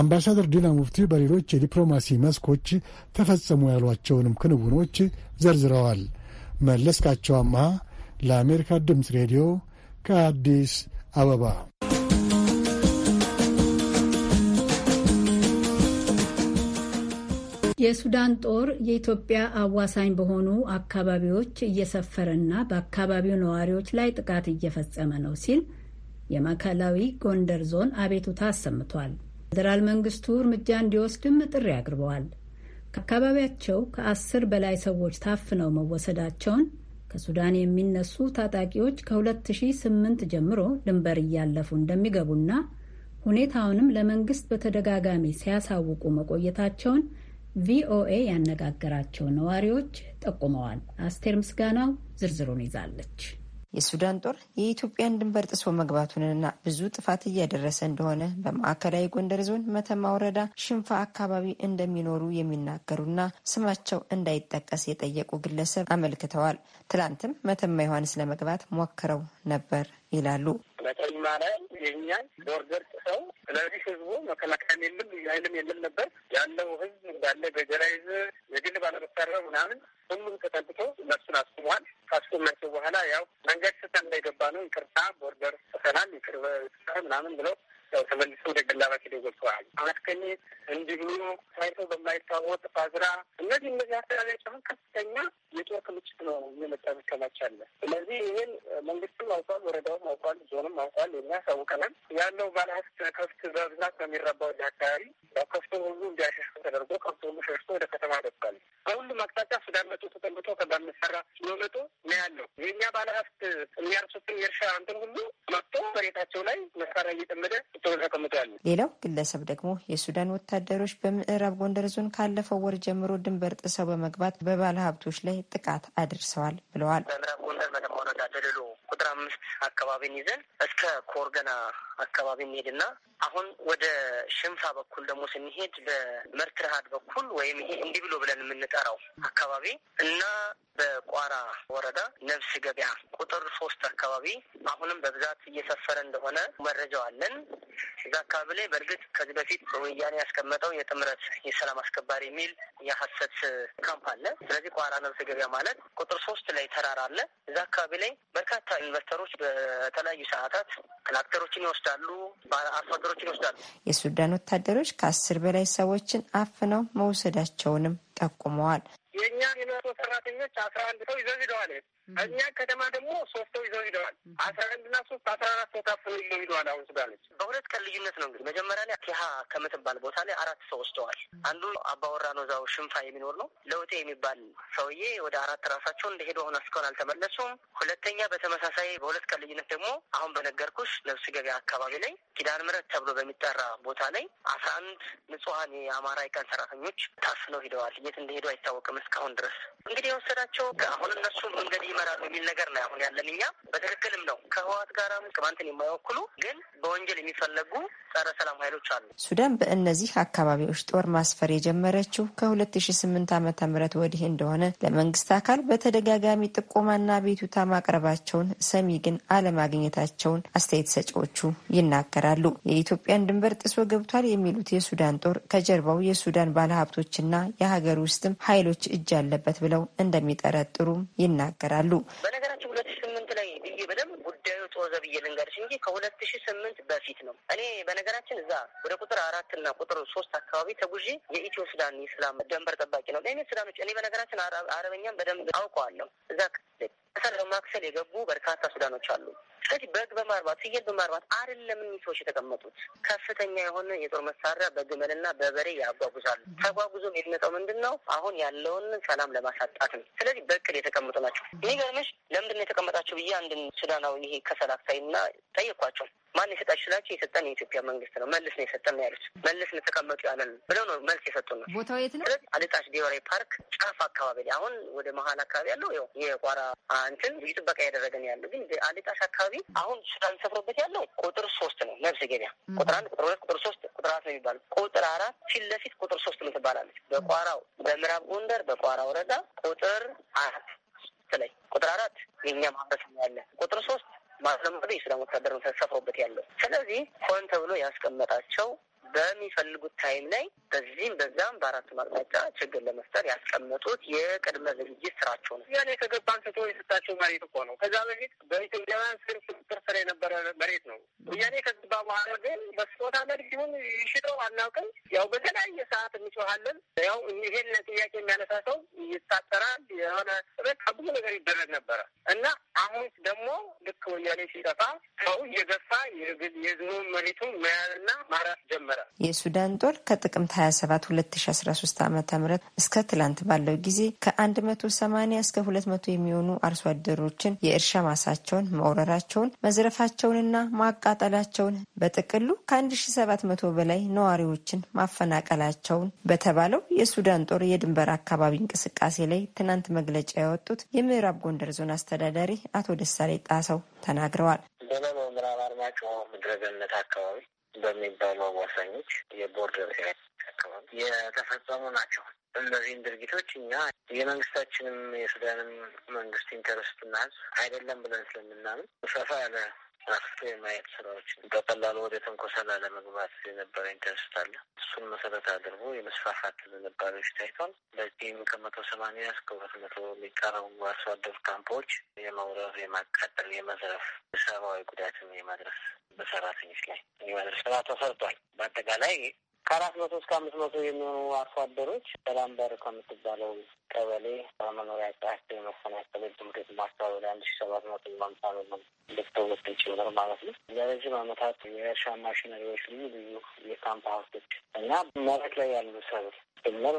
አምባሳደር ዲና ሙፍቲ በሌሎች የዲፕሎማሲ መስኮች ተፈጸሙ ያሏቸውንም ክንውኖች ዘርዝረዋል። መለስካቸው አማሃ ለአሜሪካ ድምፅ ሬዲዮ ከአዲስ አበባ የሱዳን ጦር የኢትዮጵያ አዋሳኝ በሆኑ አካባቢዎች እየሰፈረና በአካባቢው ነዋሪዎች ላይ ጥቃት እየፈጸመ ነው ሲል የማዕከላዊ ጎንደር ዞን አቤቱታ አሰምቷል። ፌዴራል መንግስቱ እርምጃ እንዲወስድም ጥሪ አቅርበዋል። ከአካባቢያቸው ከአስር በላይ ሰዎች ታፍነው መወሰዳቸውን ከሱዳን የሚነሱ ታጣቂዎች ከ2008 ጀምሮ ድንበር እያለፉ እንደሚገቡና ሁኔታውንም ለመንግስት በተደጋጋሚ ሲያሳውቁ መቆየታቸውን ቪኦኤ ያነጋገራቸው ነዋሪዎች ጠቁመዋል። አስቴር ምስጋናው ዝርዝሩን ይዛለች። የሱዳን ጦር የኢትዮጵያን ድንበር ጥሶ መግባቱንና ብዙ ጥፋት እያደረሰ እንደሆነ በማዕከላዊ ጎንደር ዞን መተማ ወረዳ ሽንፋ አካባቢ እንደሚኖሩ የሚናገሩና ስማቸው እንዳይጠቀስ የጠየቁ ግለሰብ አመልክተዋል። ትላንትም መተማ ዮሐንስ ለመግባት ሞክረው ነበር ይላሉ። ላይ የኛ ቦርደር ጥሰው ስለዚህ ህዝቡ መከላከያም የለም ኃይልም የለም ነበር ያለው ህዝብ እንዳለ በጀራይዝ የግል ባለመሳሪያ ምናምን ሁሉም ተጠልቶ እነሱን አስቁሟል። ካስቆማቸው በኋላ ያው መንገድ ስተን ላይ ነው ይቅርታ ቦርደር ጥሰናል ይቅር ምናምን ብለው ያው ተመልሰው ወደ ገላባት ሄደው ገብተዋል። አማትከኝት እንዲብሉ ታይቶ በማይታወቅ ፋዝራ እነዚህ እነዚህ አስተዳዳሪዎች አሁን ከፍተኛ የጦር ክምችት ነው እየመጣ ምከማች አለ። ስለዚህ ይህን መንግስትም አውቋል፣ ወረዳውም አውቋል፣ ዞንም አውቋል፣ የሚያሳውቀናል ያለው ባለሀብት ከፍት በብዛት በሚረባው ወደ አካባቢ ከፍቶ ሁሉ እንዲያሸሽ ተደርጎ ከፍቶ ሁሉ ሸሽቶ ወደ ከተማ ገብቷል። በሁሉም አቅጣጫ ሱዳን መቶ ከዛ ከበምሰራ ሲመጡ ነው ያለው። የእኛ ባለሀብት የሚያርሱትን የእርሻ እንትን ሁሉ መጥቶ መሬታቸው ላይ መሳሪያ እየጠመደ ሌላው ግለሰብ ደግሞ የሱዳን ወታደሮች በምዕራብ ጎንደር ዞን ካለፈው ወር ጀምሮ ድንበር ጥሰው በመግባት በባለ ሀብቶች ላይ ጥቃት አድርሰዋል ብለዋል። በምዕራብ ጎንደር መተማ ወረዳ ቁጥር አምስት አካባቢን ይዘን እስከ ኮርገና አካባቢ እንሄድና አሁን ወደ ሽንፋ በኩል ደግሞ ስንሄድ በመርትርሃድ በኩል ወይም ይሄ እንዲህ ብሎ ብለን የምንጠራው አካባቢ እና በቋራ ወረዳ ነብስ ገበያ ቁጥር ሶስት አካባቢ አሁንም በብዛት እየሰፈረ እንደሆነ መረጃው አለን። እዛ አካባቢ ላይ በእርግጥ ከዚህ በፊት ወያኔ ያስቀመጠው የጥምረት የሰላም አስከባሪ የሚል የሀሰት ካምፕ አለ። ስለዚህ ቋራ ነብስ ገበያ ማለት ቁጥር ሶስት ላይ ተራራ አለ። እዛ አካባቢ ላይ በርካታ ኢንቨስተሮች በተለያዩ ሰዓታት ክላክተሮችን ይወስዳሉ፣ አርሶ አደሮችን ይወስዳሉ። የሱዳን ወታደሮች ከአስር በላይ ሰዎችን አፍነው መውሰዳቸውንም ጠቁመዋል። የእኛ የመቶ ሰራተኞች አስራ አንድ ሰው ይዘዝደዋል እኛ ከተማ ደግሞ ሶስት ሰው ይዘው ሂደዋል። አስራ ና ሶስት አስራ አራት ሰው ታፍኖ ይዘው ሂደዋል። አሁን ስጋለች በሁለት ቀን ልዩነት ነው እንግዲህ መጀመሪያ ላይ ኪሃ ከምትባል ቦታ ላይ አራት ሰው ወስደዋል። አንዱ አባወራ ነው፣ እዛው ሽንፋ የሚኖር ነው። ለውጤ የሚባል ሰውዬ ወደ አራት ራሳቸውን እንደሄዱ አሁን እስካሁን አልተመለሱም። ሁለተኛ በተመሳሳይ በሁለት ቀን ልዩነት ደግሞ አሁን በነገርኩሽ ነብስ ገበያ አካባቢ ላይ ኪዳን ምረት ተብሎ በሚጠራ ቦታ ላይ አስራ አንድ ንጹሀን የአማራ የቀን ሰራተኞች ታፍነው ሂደዋል። የት እንደሄዱ አይታወቅም እስካሁን ድረስ እንግዲህ የወሰዳቸው አሁን እነሱ መንገድ ይመራሉ የሚል ነገር ነው አሁን ያለን እኛ። በትክክልም ነው ከህወሓት ጋራም ቅማንትን የማይወክሉ ግን በወንጀል የሚፈለጉ ጸረ ሰላም ኃይሎች አሉ። ሱዳን በእነዚህ አካባቢዎች ጦር ማስፈር የጀመረችው ከ2008 ዓ ም ወዲህ እንደሆነ ለመንግስት አካል በተደጋጋሚ ጥቆማና ቤቱታ ማቅረባቸውን ሰሚ ግን አለማግኘታቸውን አስተያየት ሰጪዎቹ ይናገራሉ። የኢትዮጵያን ድንበር ጥሶ ገብቷል የሚሉት የሱዳን ጦር ከጀርባው የሱዳን ባለሀብቶችና የሀገር ውስጥም ኃይሎች እጅ አለበት ብለው እንደሚጠረጥሩም ይናገራሉ። ይናገራሉ። በነገራችን ሁለት ሺ ስምንት ላይ ብዬ በደምብ ጉዳዩ ጦዘ ብዬ ልንገርሽ እንጂ ከሁለት ሺ ስምንት በፊት ነው። እኔ በነገራችን እዛ ወደ ቁጥር አራት እና ቁጥር ሶስት አካባቢ ተጉዤ የኢትዮ ሱዳን የሰላም ደንበር ጠባቂ ነው ለእኔ ሱዳኖች እኔ በነገራችን አረበኛም በደንብ አውቀዋለሁ እዛ ከሰር ማክሰል የገቡ በርካታ ሱዳኖች አሉ። ስለዚህ በግ በማርባት ፍየል በማርባት አይደለም እኒህ ሰዎች የተቀመጡት። ከፍተኛ የሆነ የጦር መሳሪያ በግመልና በበሬ ያጓጉዛሉ። ተጓጉዞም የሚመጣው ምንድን ነው? አሁን ያለውን ሰላም ለማሳጣት ነው። ስለዚህ በቅል የተቀመጡ ናቸው። የሚገርምሽ ለምንድን ነው የተቀመጣቸው ብዬ አንድን ሱዳናዊ ይሄ ከሰል አክሳይና ጠየኳቸው። ማን የሰጣችሁ ስላቸው የሰጠን የኢትዮጵያ መንግስት ነው መልስ ነው የሰጠን ያሉት። መልስ ነው የተቀመጡ ያለን ብለው ነው መልስ የሰጡ ነው። ቦታው የት ነው? ስለዚህ አልጣሽ ዲወራይ ፓርክ ጫፍ አካባቢ ላይ አሁን ወደ መሀል አካባቢ ያለው ው የቋራ እንትን ጥበቃ ያደረገን ያለው ግን አልጣሽ አካባቢ አካባቢ አሁን ሱዳን ሰፍሮበት ያለው ቁጥር ሶስት ነው። ነፍስ ገቢያ ቁጥር አንድ፣ ቁጥር ሁለት፣ ቁጥር ሶስት፣ ቁጥር አራት ነው የሚባሉ ቁጥር አራት ፊት ለፊት ቁጥር ሶስት ነው ትባላለች። በቋራው በምዕራብ ጎንደር በቋራ ወረዳ ቁጥር አራት ላይ ቁጥር አራት የእኛ ማህበረሰብ ነው ያለ ቁጥር ሶስት ማስለመዱ የሱዳን ወታደር ነው ሰፍሮበት ያለው። ስለዚህ ሆን ተብሎ ያስቀመጣቸው በሚፈልጉት ታይም ላይ በዚህም በዛም በአራት አቅጣጫ ችግር ለመፍጠር ያስቀመጡት የቅድመ ዝግጅት ስራቸው ነው። ያኔ የተገባ አንስቶ የሰጣቸው መሬት እኮ ነው። ከዛ በፊት በኢትዮጵያውያን ስር ቁጥጥር ስር የነበረ መሬት ነው። ወያኔ ከገባ በኋላ ግን በስጦታ መልክ ይሁን ይሽጠው አናውቅም። ያው በተለያየ ሰዓት እንጮሃለን። ያው ይሄን ጥያቄ የሚያነሳ ሰው ይታጠራል። የሆነ በቃ ብዙ ነገር ይደረግ ነበረ እና አሁን ደግሞ ልክ ወያኔ ሲጠፋ ሰው እየገፋ የዝኑ መሬቱን መያዝና ማራት ጀመረ። የሱዳን ጦር ከጥቅምት 27 2013 ዓ ም እስከ ትላንት ባለው ጊዜ ከ180 እስከ 200 የሚሆኑ አርሶ አደሮችን የእርሻ ማሳቸውን መውረራቸውን፣ መዝረፋቸውንና ማቃጠላቸውን በጥቅሉ ከ1700 በላይ ነዋሪዎችን ማፈናቀላቸውን በተባለው የሱዳን ጦር የድንበር አካባቢ እንቅስቃሴ ላይ ትናንት መግለጫ ያወጡት የምዕራብ ጎንደር ዞን አስተዳዳሪ አቶ ደሳሌ ጣሰው ተናግረዋል። ምድረገነት አካባቢ በሚባሉ አዋሳኞች የቦርደር አካባቢ የተፈጸሙ ናቸው። እነዚህን ድርጊቶች እኛ የመንግስታችንም የሱዳንም መንግስት ኢንተረስትና ህዝብ አይደለም ብለን ስለምናምን ሰፋ ያለ መፍትሄ ማየት ስራዎች በቀላሉ ወደ ተንኮሰላ ለመግባት የነበረ ኢንተረስት አለ። እሱን መሰረት አድርጎ የመስፋፋት ዝንባሌዎች ታይቷል። በዚህም ከመቶ ሰማንያ እስከ ሁለት መቶ የሚቀረቡ አርሶ አደር ካምፖች የመውረር፣ የማቃጠል፣ የመዝረፍ ሰብአዊ ጉዳትን የማድረስ በሰራተኞች ላይ የማድረስ ስራ ተሰርቷል። በአጠቃላይ ከአራት መቶ እስከ አምስት መቶ የሚሆኑ አርሶ አደሮች በላምበር ከምትባለው ቀበሌ በመኖሪያ ቃቸው የመፈናቀል ትምህርት ማስተባበል አንድ ሺ ሰባት መቶ ማምሳ ነው ልትተወት ጭምር ማለት ነው። ለረጅም ዓመታት የእርሻ ማሽነሪዎች፣ ልዩ ልዩ የካምፕ ሀብቶች እና መሬት ላይ ያሉ ሰብል ጭምር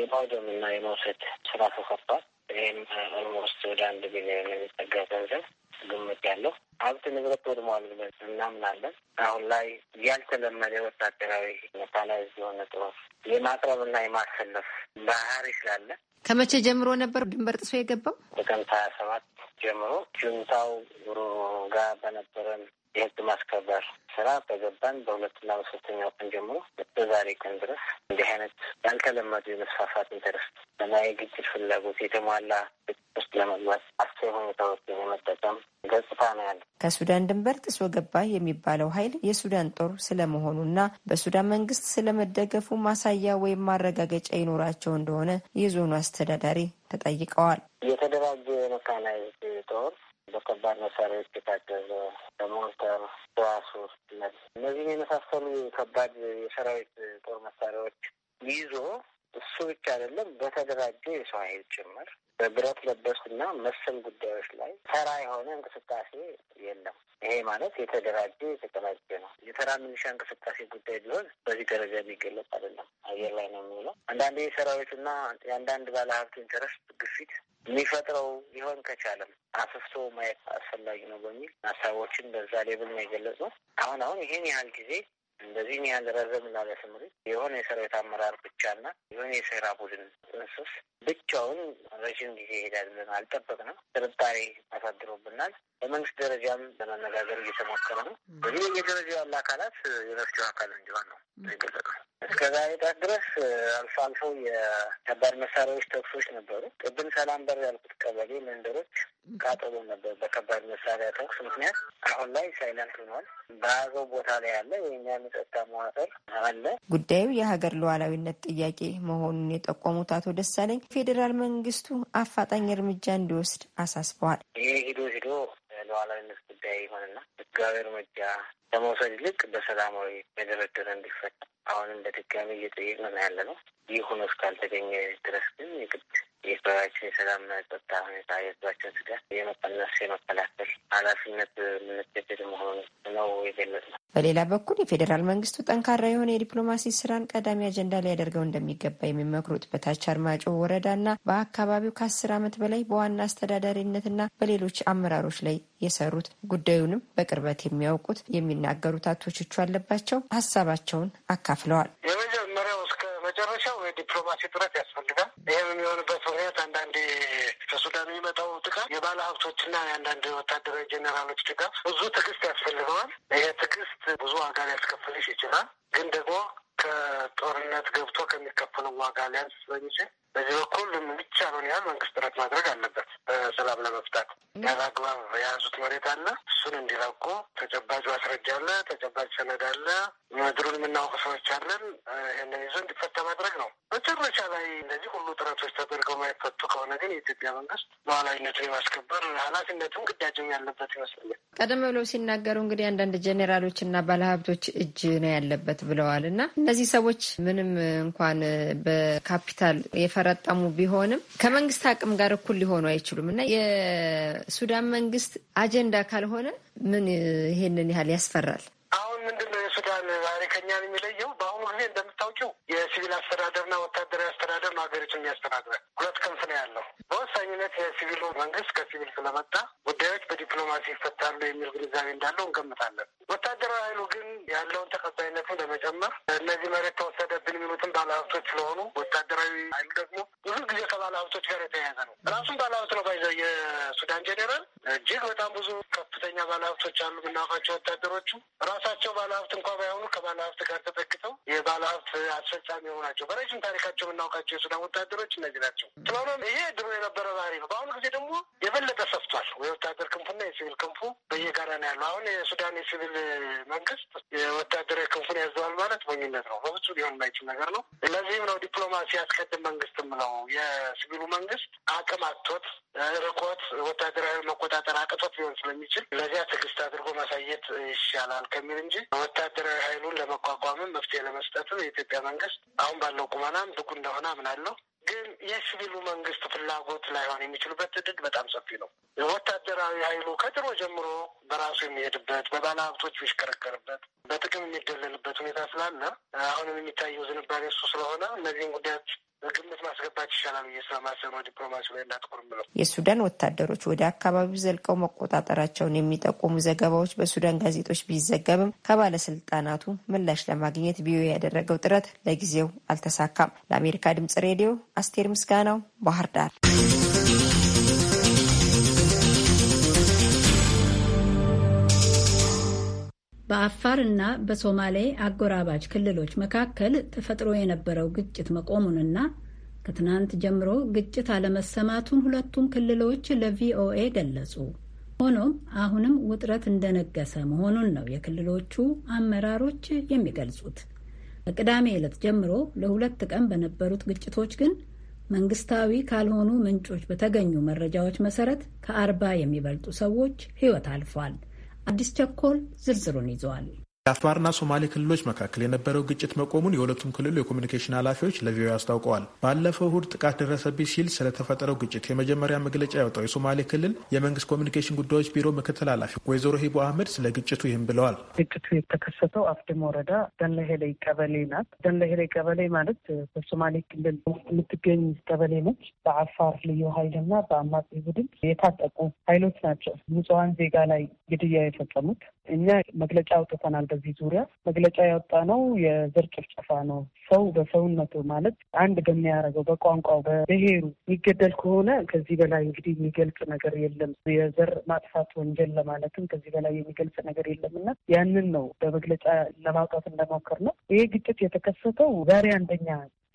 የማውደም እና የመውሰድ ስራ ተሰርቷል። ይህም ኦልሞስት ወደ አንድ ቢሊዮን የሚጠጋ ገንዘብ ግምት ያለው ሀብት ንብረት ወድመዋል ብለን እናምናለን። አሁን ላይ ያልተለመደ ወታደራዊ መካናይዝድ የሆነ የማቅረብ የማቅረብና የማሰለፍ ባህሪ ስላለ ከመቼ ጀምሮ ነበር ድንበር ጥሶ የገባው? ጥቅምት ሀያ ሰባት ጀምሮ ጁንታው ጋር በነበረን የህግ ማስከበር ስራ በገባን በሁለትና በሶስተኛው ቀን ጀምሮ በዛሬ ቀን ድረስ እንዲህ አይነት ያልተለመዱ የመስፋፋት ኢንተረስት እና የግጭት ፍላጎት የተሟላ ውስጥ ለመግባት አስር ሁኔታዎችን የመጠቀም ገጽታ ነው ያለ። ከሱዳን ድንበር ጥሶ ገባ የሚባለው ኃይል የሱዳን ጦር ስለመሆኑና በሱዳን መንግስት ስለመደገፉ ማሳያ ወይም ማረጋገጫ ይኖራቸው እንደሆነ የዞኑ አስተዳዳሪ ተጠይቀዋል። የተደራጀ መካናይዝድ ጦር በከባድ መሳሪያዎች የታገዘ በሞርተር ሰዋስ እነዚህን የመሳሰሉ ከባድ የሰራዊት ጦር መሳሪያዎች ይዞ እሱ ብቻ አይደለም፣ በተደራጀ የሰው ኃይል ጭምር በብረት ለበስና መሰል ጉዳዮች ላይ ተራ የሆነ እንቅስቃሴ የለም። ይሄ ማለት የተደራጀ የተቀናጀ ነው። የተራ ምንሻ እንቅስቃሴ ጉዳይ ቢሆን በዚህ ደረጃ የሚገለጽ አይደለም። አየር ላይ ነው የሚውለው። አንዳንድ የሰራዊትና የአንዳንድ ባለሀብት ኢንተረስት ግፊት የሚፈጥረው ሊሆን ከቻለም አስፍቶ ማየት አስፈላጊ ነው በሚል ሀሳቦችን በዛ ሌብል ነው የገለጹ። አሁን አሁን ይህን ያህል ጊዜ እንደዚህ ያህል ረዘም ላለ ስምሪት የሆነ የሰራዊት አመራር ብቻና የሆነ የሴራ ቡድን ጥንስስ ብቻውን ረዥም ጊዜ ይሄዳል ብለን አልጠበቅንም። ጥርጣሬ አሳድሮብናል። በመንግስት ደረጃም ለመነጋገር እየተሞከረ ነው። በዚህ የደረጃ ያለ አካላት የመፍትሄው አካል እንዲሆን ነው የገለጽ እስከ ዛሬ ጣት ድረስ አልፎ አልፎ የከባድ መሳሪያዎች ተኩሶች ነበሩ። ቅድም ሰላም በር ያልኩት ቀበሌ መንደሮች ቃጠሎ ነበር በከባድ መሳሪያ ተኩስ ምክንያት። አሁን ላይ ሳይለንት ሆኗል። በያዘው ቦታ ላይ ያለ የእኛን የሚጸዳ መዋቅር አለ። ጉዳዩ የሀገር ሉዓላዊነት ጥያቄ መሆኑን የጠቆሙት አቶ ደሳለኝ ፌዴራል መንግስቱ አፋጣኝ እርምጃ እንዲወስድ አሳስበዋል። ይሄ ሂዶ ሂዶ ሉዓላዊነት ጉዳይ ይሆንና ህጋዊ እርምጃ ለመውሰድ ይልቅ በሰላማዊ የደረደረ እንዲፈታ አሁንም በድጋሚ እየጠየቅን ነው ያለ ነው። ይህ ሆኖ እስካልተገኘ ድረስ ግን የግድ የህዝባችን የሰላምና የጸጥታ ሁኔታ የህዝባችን ስጋት የመቀነስ የመከላከል ኃላፊነት የምንገደድ መሆኑ ነው የገለጽ ነው። በሌላ በኩል የፌዴራል መንግስቱ ጠንካራ የሆነ የዲፕሎማሲ ስራን ቀዳሚ አጀንዳ ላይ ያደርገው እንደሚገባ የሚመክሩት በታች አርማጮ ወረዳና በአካባቢው ከአስር ዓመት በላይ በዋና አስተዳዳሪነትና በሌሎች አመራሮች ላይ የሰሩት ጉዳዩንም በቅርበት የሚያውቁት የሚና የሚናገሩት አቶ ችቹ አለባቸው ሀሳባቸውን አካፍለዋል። የመጀመሪያው እስከ መጨረሻው የዲፕሎማሲ ጥረት ያስፈልጋል። ይህም የሚሆንበት ምክንያት አንዳንዴ ከሱዳን የሚመጣው ጥቃት የባለ ሀብቶችና የአንዳንድ ወታደራዊ ጄኔራሎች ድጋፍ ብዙ ትዕግስት ያስፈልገዋል። ይሄ ትዕግስት ብዙ ዋጋ ሊያስከፍልሽ ይችላል። ግን ደግሞ ከጦርነት ገብቶ ከሚከፈለው ዋጋ ሊያንስ በሚችል በዚህ በኩል የሚቻለውን ያህል መንግስት ጥረት ማድረግ አለበት። በሰላም ለመፍታት ያለ አግባብ የያዙት መሬት አለ። እሱን እንዲለቁ ተጨባጭ ማስረጃ አለ፣ ተጨባጭ ሰነድ አለ። ምድሩን የምናውቅ ሰዎች አለን። ይህንን ይዞ እንዲፈታ ማድረግ ነው። መጨረሻ ላይ እነዚህ ሁሉ ጥረቶች ተደርገው ማይፈቱ ከሆነ ግን የኢትዮጵያ መንግስት ሉዓላዊነቱን የማስከበር ኃላፊነቱም ግዳጅም ያለበት ይመስለኛል። ቀደም ብለው ሲናገሩ እንግዲህ አንዳንድ ጄኔራሎች እና ባለሀብቶች እጅ ነው ያለበት ብለዋል እና እነዚህ ሰዎች ምንም እንኳን በካፒታል የፈ የተፈረጠሙ ቢሆንም ከመንግስት አቅም ጋር እኩል ሊሆኑ አይችሉም እና የሱዳን መንግስት አጀንዳ ካልሆነ ምን ይሄንን ያህል ያስፈራል? አሁን ምንድን ሱዳን ባህሪ ከኛ የሚለየው በአሁኑ ጊዜ እንደምታውቂው የሲቪል አስተዳደርና ወታደራዊ አስተዳደር ነው ሀገሪቱን የሚያስተዳድረ ሁለት ክንፍ ነው ያለው። በወሳኝነት የሲቪሉ መንግስት ከሲቪል ስለመጣ ጉዳዮች በዲፕሎማሲ ይፈታሉ የሚል ግንዛቤ እንዳለው እንገምታለን። ወታደራዊ ኃይሉ ግን ያለውን ተቀባይነትን ለመጨመር እነዚህ መሬት ተወሰደብን የሚሉትን ባለሀብቶች ስለሆኑ ወታደራዊ ኃይሉ ደግሞ ብዙ ጊዜ ከባለሀብቶች ጋር የተያያዘ ነው። ራሱን ባለሀብት ነው ባይዘ የሱዳን ጄኔራል እጅግ በጣም ብዙ ከፍተኛ ባለሀብቶች አሉ ብናውቃቸው ወታደሮቹ ራሳቸው ባለሀብት እንኳ ባይሆኑ ከባለ ሀብት ጋር ተጠቅተው የባለ ሀብት አስፈጻሚ የሆናቸው በረዥም ታሪካቸው የምናውቃቸው የሱዳን ወታደሮች እነዚህ ናቸው። ስለሆነም ይሄ ድሮ የነበረ ባህሪ ነው። በአሁኑ ጊዜ ደግሞ የበለጠ ሰፍቷል። የወታደር ክንፉና የሲቪል ክንፉ በየጋራ ነው ያለው። አሁን የሱዳን የሲቪል መንግስት የወታደራዊ ክንፉን ያዘዋል ማለት ሞኝነት ነው። በብዙ ሊሆን የማይችል ነገር ነው። ለዚህም ነው ዲፕሎማሲ ያስቀድም መንግስት ምለው የሲቪሉ መንግስት አቅም አቶት ርኮት ወታደራዊ መቆጣጠር አቅቶት ሊሆን ስለሚችል ለዚያ ትዕግስት አድርጎ ማሳየት ይሻላል ከሚል እንጂ ወታደ ወታደራዊ ኃይሉን ለመቋቋምም መፍትሄ ለመስጠትም የኢትዮጵያ መንግስት አሁን ባለው ቁመናም ብቁ እንደሆነ አምናለሁ። ግን የሲቪሉ መንግስት ፍላጎት ላይሆን የሚችሉበት እድል በጣም ሰፊ ነው። የወታደራዊ ኃይሉ ከድሮ ጀምሮ በራሱ የሚሄድበት በባለ ሀብቶች የሚሽከረከርበት በጥቅም የሚደለልበት ሁኔታ ስላለ አሁንም የሚታየው ዝንባሌ እሱ ስለሆነ እነዚህን ጉዳዮች ግምት ማስገባት ይሻላል። የስላማሰብ ነው ዲፕሎማሲ ላይ እናተኩር ብለው የሱዳን ወታደሮች ወደ አካባቢው ዘልቀው መቆጣጠራቸውን የሚጠቁሙ ዘገባዎች በሱዳን ጋዜጦች ቢዘገብም ከባለስልጣናቱ ምላሽ ለማግኘት ቪኦኤ ያደረገው ጥረት ለጊዜው አልተሳካም። ለአሜሪካ ድምጽ ሬዲዮ አስቴር ምስጋናው ባህር ዳር። በአፋርና በሶማሌ አጎራባች ክልሎች መካከል ተፈጥሮ የነበረው ግጭት መቆሙንና ከትናንት ጀምሮ ግጭት አለመሰማቱን ሁለቱም ክልሎች ለቪኦኤ ገለጹ። ሆኖም አሁንም ውጥረት እንደነገሰ መሆኑን ነው የክልሎቹ አመራሮች የሚገልጹት። ከቅዳሜ ዕለት ጀምሮ ለሁለት ቀን በነበሩት ግጭቶች ግን መንግስታዊ ካልሆኑ ምንጮች በተገኙ መረጃዎች መሰረት ከአርባ የሚበልጡ ሰዎች ሕይወት አልፏል። አዲስ ቸኮል ዝርዝሩን ይዘዋል። የአፋርና ሶማሌ ክልሎች መካከል የነበረው ግጭት መቆሙን የሁለቱም ክልል የኮሚኒኬሽን ኃላፊዎች ለቪኦኤ አስታውቀዋል። ባለፈው እሁድ ጥቃት ደረሰብኝ ሲል ስለተፈጠረው ግጭት የመጀመሪያ መግለጫ ያወጣው የሶማሌ ክልል የመንግስት ኮሚኒኬሽን ጉዳዮች ቢሮ ምክትል ኃላፊ ወይዘሮ ሂቦ አህመድ ስለ ግጭቱ ይህም ብለዋል። ግጭቱ የተከሰተው አፍድም ወረዳ ደንለሄላይ ቀበሌ ናት። ደንለሄላይ ቀበሌ ማለት በሶማሌ ክልል የምትገኝ ቀበሌ ነች። በአፋር ልዩ ኃይልና በአማጺ ቡድን የታጠቁ ኃይሎች ናቸው ንጹሐን ዜጋ ላይ ግድያ የፈጸሙት። እኛ መግለጫ አውጥተናል በዚህ ዙሪያ መግለጫ ያወጣ ነው የዘር ጭፍጨፋ ነው። ሰው በሰውነቱ ማለት አንድ በሚያደርገው በቋንቋው፣ በብሔሩ የሚገደል ከሆነ ከዚህ በላይ እንግዲህ የሚገልጽ ነገር የለም። የዘር ማጥፋት ወንጀል ለማለትም ከዚህ በላይ የሚገልጽ ነገር የለም እና ያንን ነው በመግለጫ ለማውጣት እንደሞከር ነው። ይሄ ግጭት የተከሰተው ዛሬ አንደኛ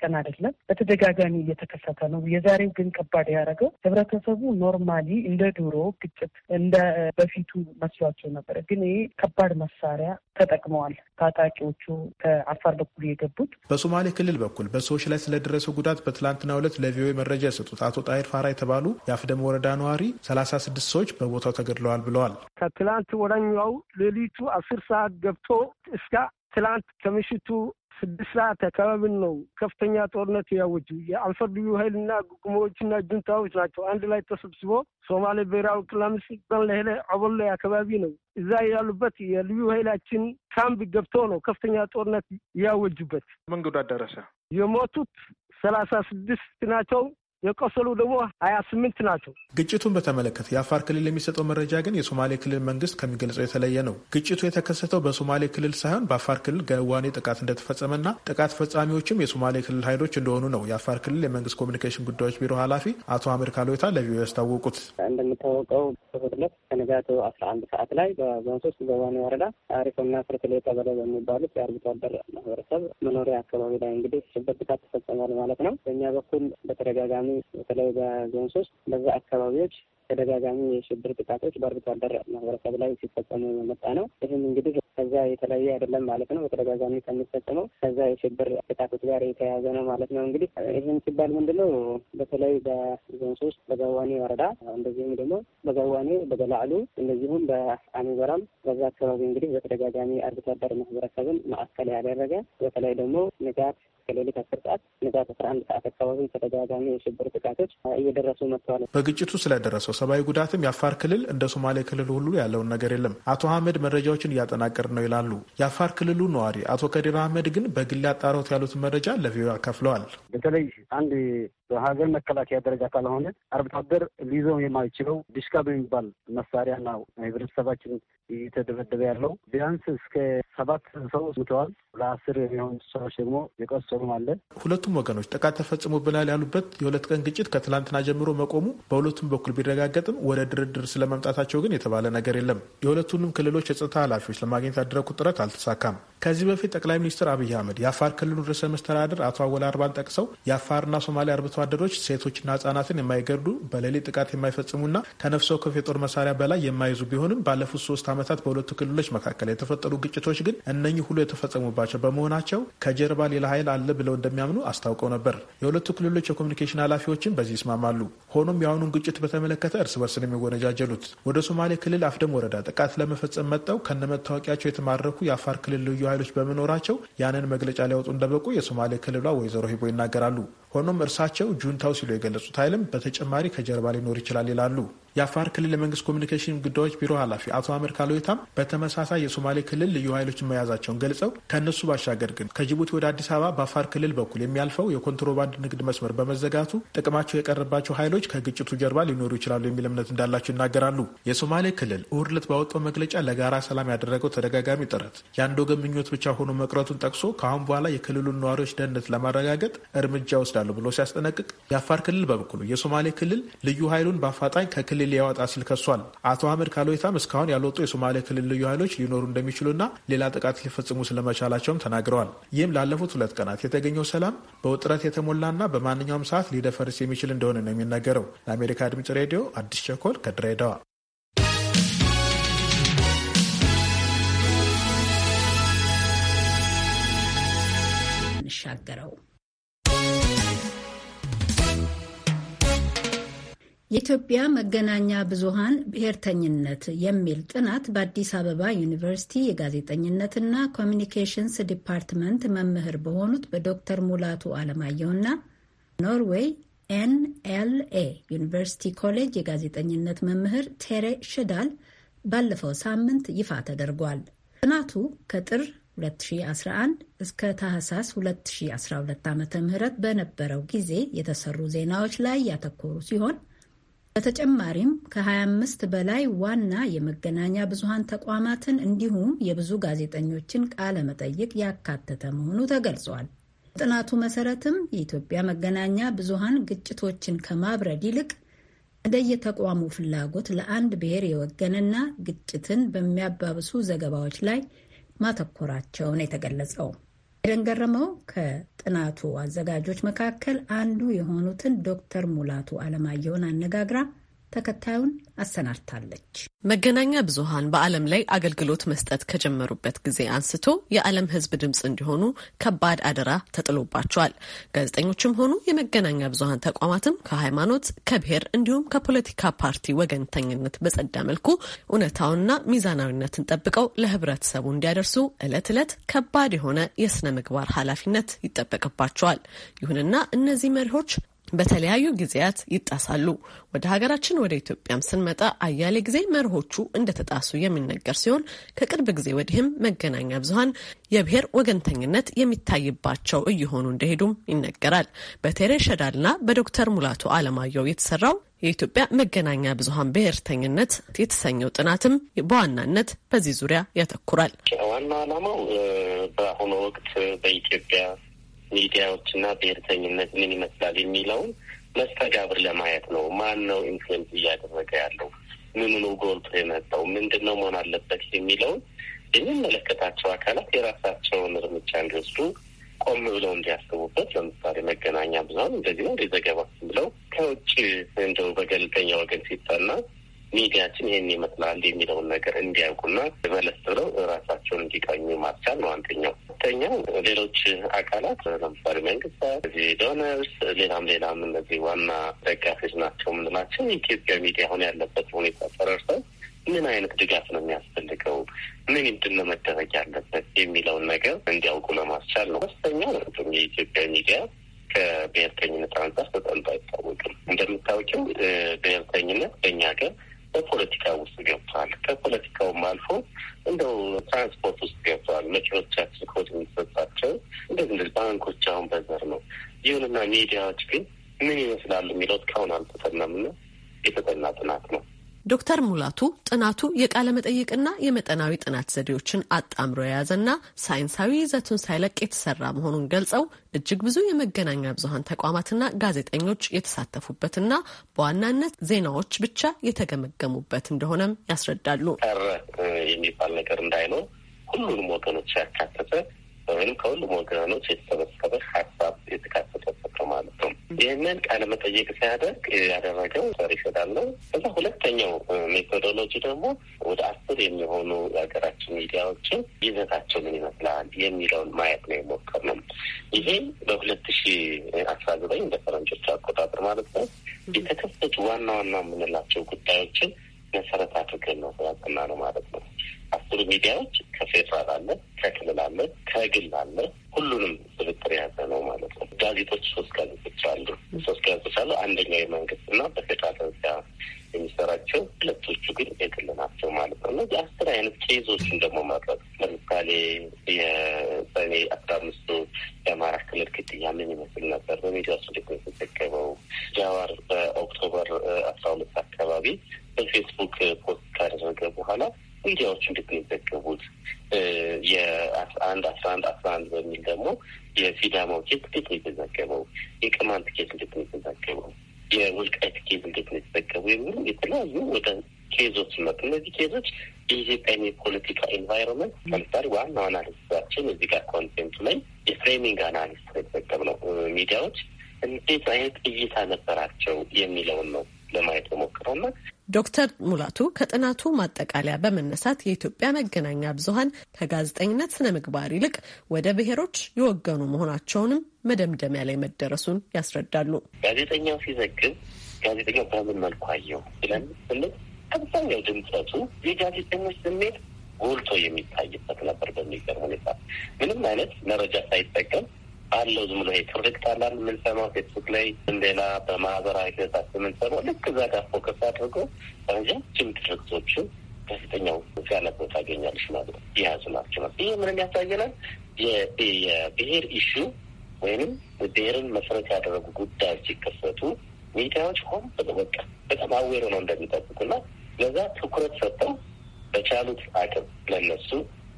ቀን አይደለም፣ በተደጋጋሚ እየተከሰተ ነው። የዛሬው ግን ከባድ ያደረገው ህብረተሰቡ ኖርማሊ እንደ ድሮ ግጭት እንደ በፊቱ መስሏቸው ነበረ። ግን ይሄ ከባድ መሳሪያ ተጠቅመዋል ታጣቂዎቹ ከአፋር በኩል የገቡት። በሶማሌ ክልል በኩል በሰዎች ላይ ስለደረሰው ጉዳት በትላንትናው ዕለት ለቪኦኤ መረጃ የሰጡት አቶ ጣይር ፋራ የተባሉ የአፍደም ወረዳ ነዋሪ ሰላሳ ስድስት ሰዎች በቦታው ተገድለዋል ብለዋል። ከትላንት ወረኛው ሌሊቱ አስር ሰዓት ገብቶ እስከ ትላንት ከምሽቱ ስድስት ሰዓት አካባቢን ነው ከፍተኛ ጦርነት ያወጁ የአንፈር ልዩ ኃይልና ጉሞዎችና ጁንታዎች ናቸው። አንድ ላይ ተሰብስቦ ሶማሌ ብሔራዊ ክልላዊ ስልጣን ለሄለ አበሎ አካባቢ ነው። እዛ ያሉበት የልዩ ኃይላችን ካምፕ ገብቶ ነው ከፍተኛ ጦርነት ያወጁበት። መንገዱ አዳረሰ የሞቱት ሰላሳ ስድስት ናቸው። የቆሰሉ ደግሞ ሀያ ስምንት ናቸው። ግጭቱን በተመለከተ የአፋር ክልል የሚሰጠው መረጃ ግን የሶማሌ ክልል መንግስት ከሚገልጸው የተለየ ነው። ግጭቱ የተከሰተው በሶማሌ ክልል ሳይሆን በአፋር ክልል ገዋኔ ጥቃት እንደተፈጸመና ጥቃት ፈጻሚዎችም የሶማሌ ክልል ኃይሎች እንደሆኑ ነው የአፋር ክልል የመንግስት ኮሚኒኬሽን ጉዳዮች ቢሮ ኃላፊ አቶ አሚር ካሎታ ለቪኦኤ ያስታወቁት። እንደሚታወቀው በሁለት ከንጋቱ አስራ አንድ ሰዓት ላይ በዞን ገዋኔ ወረዳ አሪፎና ፍርክሌ ቀበሌ በሚባሉት የአርብቶ አደር ማህበረሰብ መኖሪያ አካባቢ ላይ እንግዲህ ሽብር ጥቃት ተፈጸሟል ማለት ነው። በእኛ በኩል በተደጋጋሚ በተለይ በዞን ሶስት በዛ አካባቢዎች ተደጋጋሚ የሽብር ጥቃቶች በአርብቶ አደር ማህበረሰብ ላይ ሲፈጸሙ የመጣ ነው። ይህም እንግዲህ ከዛ የተለየ አይደለም ማለት ነው። በተደጋጋሚ ከሚፈጸመው ከዛ የሽብር ጥቃቶች ጋር የተያያዘ ነው ማለት ነው። እንግዲህ ይህም ሲባል ምንድነው በተለይ በዞን ሶስት በገዋኔ ወረዳ እንደዚሁም ደግሞ በገዋኔ በገላዕሉ፣ እንደዚሁም በአሚበራም በዛ አካባቢ እንግዲህ በተደጋጋሚ አርብቶ አደር ማህበረሰብን ማዕከል ያደረገ በተለይ ደግሞ ንጋት ከሌሊት አስር ሰዓት ንጋት አስራ አንድ ሰዓት አካባቢ ተደጋጋሚ የሽብር ጥቃቶች እየደረሱ መጥተዋል። በግጭቱ ስለደረሰው ሰብአዊ ጉዳትም የአፋር ክልል እንደ ሶማሌ ክልል ሁሉ ያለውን ነገር የለም። አቶ አህመድ መረጃዎችን እያጠናቀር ነው ይላሉ። የአፋር ክልሉ ነዋሪ አቶ ከዲር አህመድ ግን በግል ያጣረውት ያሉትን መረጃ ለቪዮ አካፍለዋል። በተለይ አንድ በሀገር መከላከያ ደረጃ ካልሆነ አርብቶ አደር ሊይዘው የማይችለው ዲሽካ በሚባል መሳሪያ ነው ህብረተሰባችን እየተደበደበ ያለው። ቢያንስ እስከ ሰባት ሰው ሙተዋል፣ ለአስር የሚሆኑ ሰዎች ደግሞ የቆሰሉም አለ። ሁለቱም ወገኖች ጥቃት ተፈጽሞብናል ያሉበት የሁለት ቀን ግጭት ከትላንትና ጀምሮ መቆሙ በሁለቱም በኩል ቢረጋገጥም ወደ ድርድር ስለመምጣታቸው ግን የተባለ ነገር የለም። የሁለቱንም ክልሎች የጸጥታ ኃላፊዎች ለማግኘት ያደረጉት ጥረት አልተሳካም። ከዚህ በፊት ጠቅላይ ሚኒስትር አብይ አህመድ የአፋር ክልሉን ርዕሰ መስተዳድር አቶ አወል አርባን ጠቅሰው የአፋርና ሶማሌ አርብቶ አደሮች ሴቶችና ህጻናትን የማይገርዱ በሌሊት ጥቃት የማይፈጽሙና ከነፍሰ ከፍ የጦር መሳሪያ በላይ የማይዙ ቢሆንም ባለፉት ሶስት ዓመታት በሁለቱ ክልሎች መካከል የተፈጠሩ ግጭቶች ግን እነኚህ ሁሉ የተፈጸሙባቸው በመሆናቸው ከጀርባ ሌላ ኃይል አለ ብለው እንደሚያምኑ አስታውቀው ነበር። የሁለቱ ክልሎች የኮሚኒኬሽን ኃላፊዎችም በዚህ ይስማማሉ። ሆኖም የአሁኑን ግጭት በተመለከተ እርስ በርስ ነው የሚወነጃጀሉት። ወደ ሶማሌ ክልል አፍደም ወረዳ ጥቃት ለመፈጸም መጠው ከነመታወቂያቸው የተማረኩ የአፋር ክልል ልዩ ኃይሎች በመኖራቸው ያንን መግለጫ ሊያወጡ እንደበቁ የሶማሌ ክልሏ ወይዘሮ ሂቦ ይናገራሉ። ሆኖም እርሳቸው ጁንታው ሲሉ የገለጹት ኃይልም በተጨማሪ ከጀርባ ሊኖር ይችላል ይላሉ። የአፋር ክልል የመንግስት ኮሚኒኬሽን ጉዳዮች ቢሮ ኃላፊ አቶ አምር ካሎዌታም በተመሳሳይ የሶማሌ ክልል ልዩ ኃይሎችን መያዛቸውን ገልጸው ከእነሱ ባሻገር ግን ከጅቡቲ ወደ አዲስ አበባ በአፋር ክልል በኩል የሚያልፈው የኮንትሮባንድ ንግድ መስመር በመዘጋቱ ጥቅማቸው የቀረባቸው ኃይሎች ከግጭቱ ጀርባ ሊኖሩ ይችላሉ የሚል እምነት እንዳላቸው ይናገራሉ። የሶማሌ ክልል እሁድ ዕለት ባወጣው መግለጫ ለጋራ ሰላም ያደረገው ተደጋጋሚ ጥረት የአንድ ወገን ምኞት ብቻ ሆኖ መቅረቱን ጠቅሶ ከአሁን በኋላ የክልሉን ነዋሪዎች ደህንነት ለማረጋገጥ እርምጃ ወስዳ እወስዳለሁ ብሎ ሲያስጠነቅቅ የአፋር ክልል በበኩሉ የሶማሌ ክልል ልዩ ኃይሉን በአፋጣኝ ከክልል ያወጣ ሲል ከሷል። አቶ አህመድ ካሎይታም እስካሁን ያልወጡ የሶማሌ ክልል ልዩ ኃይሎች ሊኖሩ እንደሚችሉና ሌላ ጥቃት ሊፈጽሙ ስለመቻላቸውም ተናግረዋል። ይህም ላለፉት ሁለት ቀናት የተገኘው ሰላም በውጥረት የተሞላና በማንኛውም ሰዓት ሊደፈርስ የሚችል እንደሆነ ነው የሚነገረው። ለአሜሪካ ድምጽ ሬዲዮ አዲስ ቸኮል ከድሬዳዋ። ሻገረው የኢትዮጵያ መገናኛ ብዙሃን ብሔርተኝነት የሚል ጥናት በአዲስ አበባ ዩኒቨርሲቲ የጋዜጠኝነትና ኮሚኒኬሽንስ ዲፓርትመንት መምህር በሆኑት በዶክተር ሙላቱ አለማየሁና ኖርዌይ ኤንኤልኤ ዩኒቨርሲቲ ኮሌጅ የጋዜጠኝነት መምህር ቴሬ ሽዳል ባለፈው ሳምንት ይፋ ተደርጓል። ጥናቱ ከጥር 2011 እስከ ታህሳስ 2012 ዓ ም በነበረው ጊዜ የተሰሩ ዜናዎች ላይ ያተኮሩ ሲሆን በተጨማሪም ከ25 በላይ ዋና የመገናኛ ብዙሃን ተቋማትን እንዲሁም የብዙ ጋዜጠኞችን ቃለ መጠይቅ ያካተተ መሆኑ ተገልጿል። ጥናቱ መሰረትም የኢትዮጵያ መገናኛ ብዙሃን ግጭቶችን ከማብረድ ይልቅ እንደየተቋሙ ፍላጎት ለአንድ ብሔር የወገንና ግጭትን በሚያባብሱ ዘገባዎች ላይ ማተኮራቸውን የተገለጸው ኤደን ገረመው ከጥናቱ አዘጋጆች መካከል አንዱ የሆኑትን ዶክተር ሙላቱ አለማየሁን አነጋግራ ተከታዩን አሰናድታለች። መገናኛ ብዙሃን በዓለም ላይ አገልግሎት መስጠት ከጀመሩበት ጊዜ አንስቶ የዓለም ሕዝብ ድምፅ እንዲሆኑ ከባድ አደራ ተጥሎባቸዋል። ጋዜጠኞችም ሆኑ የመገናኛ ብዙሃን ተቋማትም ከሃይማኖት፣ ከብሔር እንዲሁም ከፖለቲካ ፓርቲ ወገንተኝነት በጸዳ መልኩ እውነታውንና ሚዛናዊነትን ጠብቀው ለህብረተሰቡ እንዲያደርሱ ዕለት ዕለት ከባድ የሆነ የስነ ምግባር ኃላፊነት ይጠበቅባቸዋል። ይሁንና እነዚህ መሪሆች በተለያዩ ጊዜያት ይጣሳሉ። ወደ ሀገራችን ወደ ኢትዮጵያም ስንመጣ አያሌ ጊዜ መርሆቹ እንደተጣሱ የሚነገር ሲሆን ከቅርብ ጊዜ ወዲህም መገናኛ ብዙኃን የብሔር ወገንተኝነት የሚታይባቸው እየሆኑ እንደሄዱም ይነገራል። በቴሬ ሸዳልና በዶክተር ሙላቱ አለማየሁ የተሰራው የኢትዮጵያ መገናኛ ብዙኃን ብሔርተኝነት የተሰኘው ጥናትም በዋናነት በዚህ ዙሪያ ያተኩራል። ዋና ዓላማው በአሁኑ ወቅት በኢትዮጵያ ሚዲያዎችና ብሔርተኝነት ምን ይመስላል የሚለውን መስተጋብር ለማየት ነው። ማን ነው ኢንፍሉዌንስ እያደረገ ያለው? ነው ጎልቶ የመጣው ምንድን ነው መሆን አለበት የሚለውን የሚመለከታቸው አካላት የራሳቸውን እርምጃ እንዲወስዱ ቆም ብለው እንዲያስቡበት። ለምሳሌ መገናኛ ብዙኃን እንደዚህ ነው ዘገባ ብለው ከውጭ እንደው በገለልተኛ ወገን ሲጠና ሚዲያችን ይህን ይመስላል የሚለውን ነገር እንዲያውቁና መለስ ብለው ራሳቸውን እንዲቃኙ ማስቻል ነው አንደኛው። ሁለተኛው ሌሎች አካላት ለምሳሌ መንግስታት፣ እዚህ ዶነርስ፣ ሌላም ሌላም እነዚህ ዋና ደጋፊዎች ናቸው የምንላቸው የኢትዮጵያ ሚዲያ አሁን ያለበት ሁኔታ ተረርሰው ምን አይነት ድጋፍ ነው የሚያስፈልገው፣ ምን ምንድን ነው መደረግ ያለበት የሚለውን ነገር እንዲያውቁ ለማስቻል ነው። ሶስተኛው የኢትዮጵያ ሚዲያ ከብሔርተኝነት አንጻር ተጠንቶ አይታወቅም። እንደምታወቂው ብሔርተኝነት በእኛ ሀገር በፖለቲካ ውስጥ ገብቷል። ከፖለቲካውም አልፎ እንደው ትራንስፖርት ውስጥ ገብተዋል። መኪኖች ኮት የሚሰጣቸው እንደዚህ እንደዚህ ባንኮች አሁን በዘር ነው። ይሁንና ሚዲያዎች ግን ምን ይመስላሉ የሚለው እስካሁን አልተጠናምና የተጠና ጥናት ነው። ዶክተር ሙላቱ ጥናቱ የቃለ መጠይቅና የመጠናዊ ጥናት ዘዴዎችን አጣምሮ የያዘና ሳይንሳዊ ይዘቱን ሳይለቅ የተሰራ መሆኑን ገልጸው እጅግ ብዙ የመገናኛ ብዙሀን ተቋማትና ጋዜጠኞች የተሳተፉበትና በዋናነት ዜናዎች ብቻ የተገመገሙበት እንደሆነም ያስረዳሉ። ቀረ የሚባል ነገር እንዳይኖር ሁሉንም ወገኖች ያካተተ ወይም ከሁሉም ወገኖች የተሰበሰበ ሀሳብ የተካተተበት ነው ማለት ነው። ይህንን ቃለ መጠየቅ ሲያደርግ ያደረገው ሰሪ ይሰዳለው። እዛ ሁለተኛው ሜቶዶሎጂ ደግሞ ወደ አስር የሚሆኑ የሀገራችን ሚዲያዎችን ይዘታቸው ምን ይመስላል የሚለውን ማየት ነው ነው። ይሄም በሁለት ሺ አስራ ዘጠኝ እንደ ፈረንጆች አቆጣጠር ማለት ነው የተከሰቱ ዋና ዋና የምንላቸው ጉዳዮችን መሰረት አድርገን ነው ስራትና ነው ማለት ነው። አስሩ ሚዲያዎች ከፌዴራል አለ፣ ከክልል አለ፣ ከግል አለ። ሁሉንም ስብጥር የያዘ ነው ማለት ነው። ጋዜጦች ሶስት ጋዜጦች አሉ። ሶስት ጋዜጦች አሉ። አንደኛው የመንግስትና በፌዴራል ደረጃ የሚሰራቸው ሁለቶቹ ግን የግል ናቸው ማለት ነው። እነዚህ አስር አይነት ኬዞችን ደግሞ መረጥ ለምሳሌ የሰኔ አስራ አምስቱ የአማራ ክልል ግድያ ምን ይመስል ነበር? በሚዲያዎች እንዴት ነው የተዘገበው? ጃዋር በኦክቶበር አስራ ሁለት አካባቢ በፌስቡክ ፖስት ካደረገ በኋላ ሚዲያዎች እንዴት ነው የዘገቡት? የአንድ አስራ አንድ አስራ አንድ በሚል ደግሞ የሲዳማው ኬዝ እንዴት ነው የተዘገበው? የቅማንት ኬዝ እንዴት ነው የተዘገበው? የወልቃይት ኬዝ እንዴት ነው የተዘገበው? የሚሉ የተለያዩ ወደ ኬዞች መጡ። እነዚህ ኬዞች የኢትዮጵያን የፖለቲካ ኤንቫይሮንመንት ለምሳሌ ዋናው አናሊስታችን እዚህ ጋር ኮንቴንቱ ላይ የፍሬሚንግ አናሊስት ነው የተዘገብ ነው ሚዲያዎች እንዴት አይነት እይታ ነበራቸው የሚለውን ነው ለማየት የሞክረው እና ዶክተር ሙላቱ ከጥናቱ ማጠቃለያ በመነሳት የኢትዮጵያ መገናኛ ብዙኃን ከጋዜጠኝነት ስነ ምግባር ይልቅ ወደ ብሔሮች የወገኑ መሆናቸውንም መደምደሚያ ላይ መደረሱን ያስረዳሉ። ጋዜጠኛው ሲዘግብ ጋዜጠኛው በምን መልኩ አየው ብለን ስንል አብዛኛው ድምጸቱ የጋዜጠኞች ስሜት ጎልቶ የሚታይበት ነበር። በሚገርም ሁኔታ ምንም አይነት መረጃ ሳይጠቀም አለው ዝም ብሎ ትርክት አንዳንድ የምንሰማው ፌስቡክ ላይ እንደና በማህበራዊ ገጻችን የምንሰማው ልክ እዛ ጋር ፎከስ አድርገው ረጃጅም ትርክቶችን ከፍተኛው ቦታ ታገኛለች ማለት ነው የያዙ ናቸው። ይህ ምንም ያሳየናል የብሄር ኢሹ ወይንም ብሄርን መሰረት ያደረጉ ጉዳዮች ሲከሰቱ ሚዲያዎች ሆን በቃ በጣም አዌር ሆነው እንደሚጠብቁና ለዛ ትኩረት ሰጠው በቻሉት አቅም ለነሱ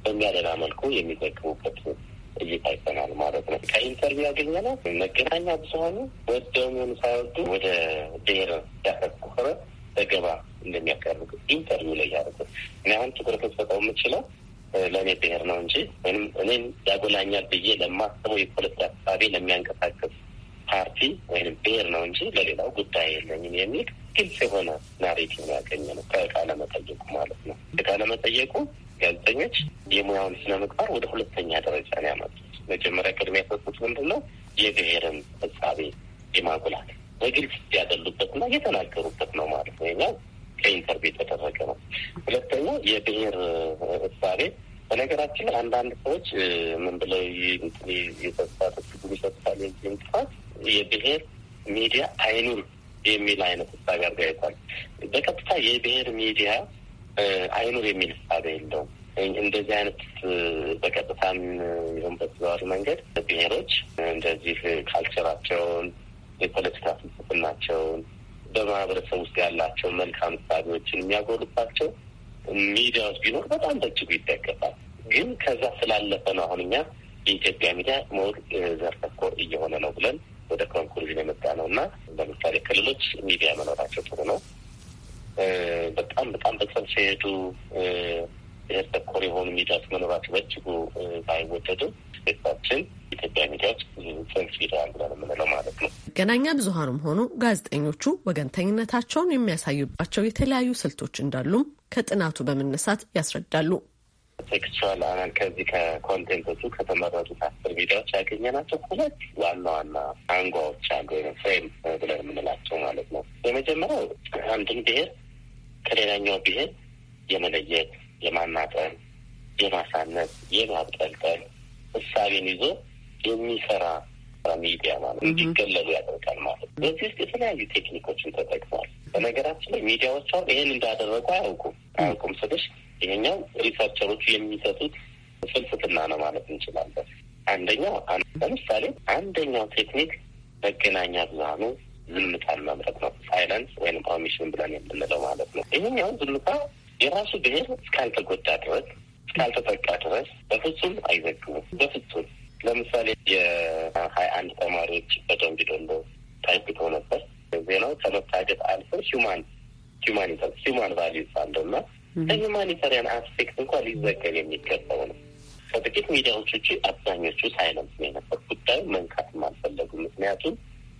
በሚያደላ መልኩ የሚዘግቡበት እይታ ይሰናል ማለት ነው። ከኢንተርቪው ነው መገናኛ ብዙኃኑ ወደሙን ሳይወዱ ወደ ብሔር ያተኮረ ዘገባ እንደሚያቀርብ ኢንተርቪው ላይ ያደርጉት እኔ አሁን ትኩረት ልሰጠው የምችለው ለእኔ ብሔር ነው እንጂ ወይም እኔም ያጎላኛል ብዬ ለማስበው የፖለቲካ ሀሳቤ ለሚያንቀሳቀስ ፓርቲ ወይም ብሔር ነው እንጂ ለሌላው ጉዳይ የለኝም የሚል ግልጽ የሆነ ናሬቲቭ ያገኘ ነው ከቃለ መጠየቁ ማለት ነው። ከቃለ መጠየቁ ጋዜጠኞች የሙያውን ስነ ምግባር ወደ ሁለተኛ ደረጃ ነው ያመጡት። መጀመሪያ ቅድሚያ የሰጡት ምንድን ነው? የብሔርን ፍጻሜ የማጉላት በግልጽ ያደሉበት ያደሉበትና የተናገሩበት ነው ማለት ነው። ኛው ከኢንተርቪው የተደረገ ነው። ሁለተኛ የብሔር እሳቤ በነገራችን ላይ አንዳንድ ሰዎች ምን ብለው የተስፋ ተስጉ ይሰጥታል የዚህም ጥፋት የብሔር ሚዲያ አይኑር የሚል አይነት ጋር አርጋይቷል። በቀጥታ የብሔር ሚዲያ አይኑር የሚል እሳቤ የለውም። እንደዚህ አይነት በቀጥታም ይሁን በተዘዋዋሪ መንገድ ብሔሮች እንደዚህ ካልቸራቸውን፣ የፖለቲካ ፍልስፍናቸውን፣ በማህበረሰብ ውስጥ ያላቸው መልካም እሳቤዎችን የሚያጎሉባቸው ሚዲያዎች ቢኖር በጣም በእጅጉ ይደገፋል። ግን ከዛ ስላለፈ ነው አሁን እኛ የኢትዮጵያ ሚዲያ ሞር ዘር እየሆነ ነው ብለን ወደ ኮንክሉዥን የመጣ ነው እና ለምሳሌ ክልሎች ሚዲያ መኖራቸው ጥሩ ነው። በጣም በጣም በቅርብ ሲሄዱ ብሔር ተኮር የሆኑ ሚዲያዎች መኖራቸው በእጅጉ ባይወደዱ ቤታችን ኢትዮጵያ ሚዲያዎች ሰልፍ ሄደዋል ብለን የምንለው ማለት ነው። መገናኛ ብዙሀኑም ሆኑ ጋዜጠኞቹ ወገንተኝነታቸውን የሚያሳዩባቸው የተለያዩ ስልቶች እንዳሉም ከጥናቱ በመነሳት ያስረዳሉ። ቴክስቹዋል አናል ከዚህ ከኮንቴንቶቹ ከተመረጡት አስር ሚዲያዎች ያገኘናቸው ሁለት ዋና ዋና አንጓዎች አሉ ወይም ፍሬም ብለን የምንላቸው ማለት ነው። የመጀመሪያው አንድን ብሄር ከሌላኛው ብሄር የመለየት፣ የማናጠል፣ የማሳነት፣ የማብጠልጠል እሳቤን ይዞ የሚሰራ ሚዲያ ማለት እንዲገለሉ ያደርጋል ማለት ነው። በዚህ ውስጥ የተለያዩ ቴክኒኮችን ተጠቅሟል። በነገራችን ላይ ሚዲያዎች አሁን ይህን እንዳደረጉ አያውቁም አያውቁም ስልሽ ይሄኛው ሪሰርቸሮቹ የሚሰጡት ፍልስፍና ነው ማለት እንችላለን። አንደኛው ለምሳሌ አንደኛው ቴክኒክ መገናኛ ብዙሃኑ ዝምታን መምረጥ ነው። ሳይለንስ ወይም ኦሚሽን ብለን የምንለው ማለት ነው። ይህኛው ዝምታ የራሱ ብሔር እስካልተጎዳ ድረስ እስካልተጠቃ ድረስ በፍጹም አይዘግቡም። በፍጹም ለምሳሌ የሀያ አንድ ተማሪዎች በደንብ ዶሎ ታይፕቶ ነበር ዜናው ከመታገጥ አልፈው ማን ማኒታ ማን ቫሊዩስ አለውና ከሁማኒታሪያን አስፔክት እንኳን ሊዘገብ የሚገባው ነው። ከጥቂት ሚዲያዎች ውጭ አብዛኞቹ ሳይለንስ ነው የነበር። ጉዳዩ መንካትም አልፈለጉም። ምክንያቱም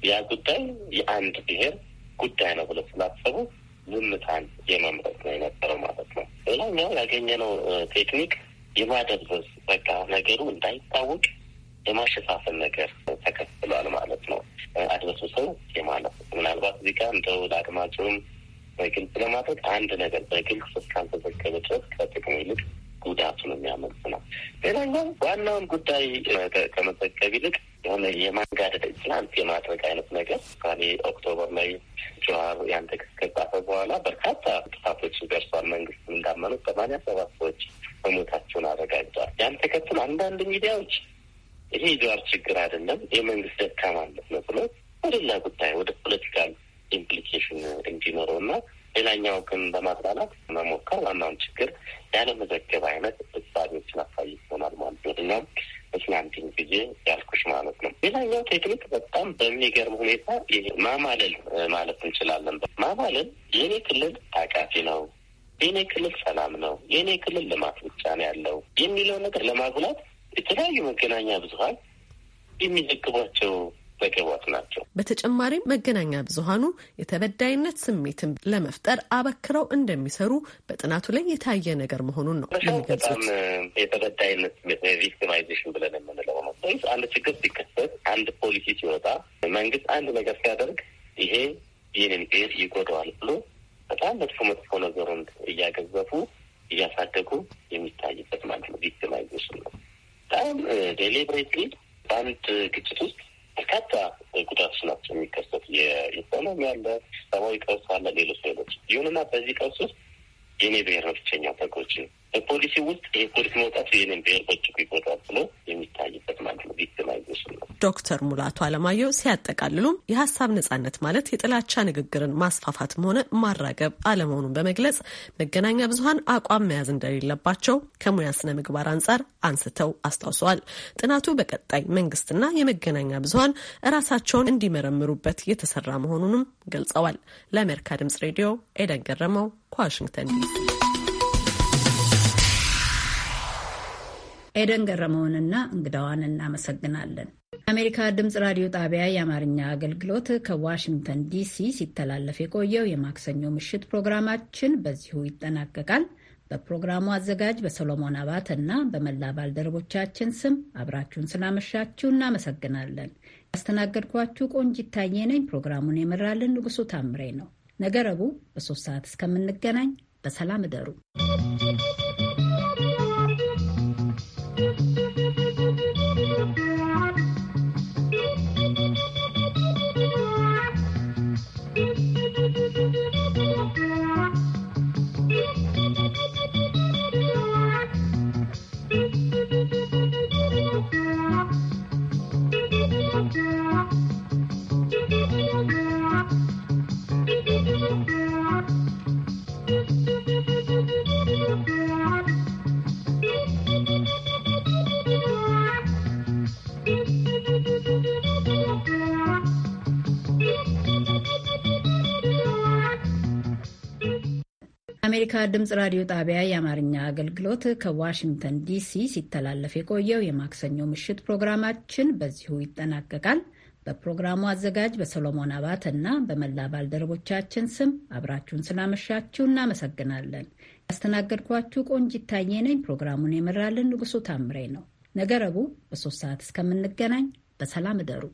ያ ጉዳይ የአንድ ብሔር ጉዳይ ነው ብለው ስላሰቡ ዝምታን የመምረጥ ነው የነበረው ማለት ነው። ሌላኛው ያገኘነው ቴክኒክ የማደብዘዝ በቃ ነገሩ እንዳይታወቅ የማሸፋፈን ነገር ተከትሏል ማለት ነው። ሰው የማለፍ ምናልባት እዚህ ጋር እንደው ለአድማጭም በግልጽ ለማድረግ አንድ ነገር በግልጽ እስካልተዘገበ ድረስ ከጥቅሙ ይልቅ ጉዳቱ ነው የሚያመልስ ነው። ሌላኛው ዋናውን ጉዳይ ከመዘገብ ይልቅ የሆነ የማንጋደድ ትናንት የማድረግ አይነት ነገር ምሳሌ ኦክቶበር ላይ ጀዋር ያን ቴክስት ከጻፈ በኋላ በርካታ ጥፋቶች ደርሷል። መንግስት እንዳመኑት ሰማንያ ሰባት ሰዎች መሞታቸውን አረጋግጧል። ያን ተከትሎ አንዳንድ ሚዲያዎች ይሄ ጀዋር ችግር አይደለም የመንግስት ደካማነት ነው ብሎ ወደላ ጉዳይ ወደ ፖለቲካል እንዲኖረው እና ሌላኛው ግን ለማጥላላት መሞከር ዋናውን ችግር ያለመዘገብ አይነት እሳቤዎችን አሳይ ይሆናል ማለት ነው። እኛም በትናንቲን ጊዜ ያልኩሽ ማለት ነው። ሌላኛው ቴክኒክ በጣም በሚገርም ሁኔታ ማማለል ማለት እንችላለን። ማማለል የኔ ክልል ታቃፊ ነው፣ የኔ ክልል ሰላም ነው፣ የኔ ክልል ልማት ብቻ ነው ያለው የሚለው ነገር ለማጉላት የተለያዩ መገናኛ ብዙሀን የሚዘግቧቸው ዘገባዎች ናቸው። በተጨማሪም መገናኛ ብዙሃኑ የተበዳይነት ስሜትን ለመፍጠር አበክረው እንደሚሰሩ በጥናቱ ላይ የታየ ነገር መሆኑን ነው የሚገልጹት። የተበዳይነት ስሜት ቪክቲማይዜሽን ብለን የምንለው ነው። አንድ ችግር ሲከሰት፣ አንድ ፖሊሲ ሲወጣ፣ መንግስት አንድ ነገር ሲያደርግ ይሄ ይህንን ብሔር ይጎዳዋል ብሎ በጣም መጥፎ መጥፎ ነገሩን እያገዘፉ እያሳደጉ የሚታይበት ማለት ነው። ቪክቲማይዜሽን ነው። በጣም ዴሊብሬትሊ በአንድ ግጭት ውስጥ በርካታ ጉዳት ናቸው የሚከሰት የኢኮኖሚ አለ፣ ሰብአዊ ቀውስ አለ፣ ሌሎች ሌሎች። ይሁንና በዚህ ቀውስ ውስጥ የኔ ብሔር ነው ብቸኛ ተጎጂ በፖሊሲ ውስጥ የፖሊሲ መውጣት የኔን ብሔር በእጅጉ ይጎዳል ብሎ የሚታይበት ማለት ነው። ቪክቲማይዜሽን ነው። ዶክተር ሙላቱ አለማየሁ ሲያጠቃልሉም የሀሳብ ነጻነት ማለት የጥላቻ ንግግርን ማስፋፋትም ሆነ ማራገብ አለመሆኑን በመግለጽ መገናኛ ብዙኃን አቋም መያዝ እንደሌለባቸው ከሙያ ስነ ምግባር አንጻር አንስተው አስታውሰዋል። ጥናቱ በቀጣይ መንግስትና የመገናኛ ብዙኃን እራሳቸውን እንዲመረምሩበት የተሰራ መሆኑንም ገልጸዋል። ለአሜሪካ ድምጽ ሬዲዮ ኤደን ገረመው ከዋሽንግተን ዲሲ ኤደን ገረመውንና እንግዳዋን እናመሰግናለን። የአሜሪካ ድምፅ ራዲዮ ጣቢያ የአማርኛ አገልግሎት ከዋሽንግተን ዲሲ ሲተላለፍ የቆየው የማክሰኞ ምሽት ፕሮግራማችን በዚሁ ይጠናቀቃል። በፕሮግራሙ አዘጋጅ በሰሎሞን አባት እና በመላ ባልደረቦቻችን ስም አብራችሁን ስላመሻችሁ እናመሰግናለን። ያስተናገድኳችሁ ቆንጂት ታዬ ነኝ። ፕሮግራሙን የመራልን ንጉሱ ታምሬ ነው። ነገ ረቡዕ በሶስት ሰዓት እስከምንገናኝ በሰላም እደሩ። ከአሜሪካ ድምፅ ራዲዮ ጣቢያ የአማርኛ አገልግሎት ከዋሽንግተን ዲሲ ሲተላለፍ የቆየው የማክሰኞ ምሽት ፕሮግራማችን በዚሁ ይጠናቀቃል። በፕሮግራሙ አዘጋጅ በሰሎሞን አባት እና በመላ ባልደረቦቻችን ስም አብራችሁን ስላመሻችሁ እናመሰግናለን። ያስተናገድኳችሁ ቆንጅ ይታየ ነኝ። ፕሮግራሙን የመራልን ንጉሱ ታምሬ ነው። ነገ ረቡዕ በሶስት ሰዓት እስከምንገናኝ በሰላም እደሩ።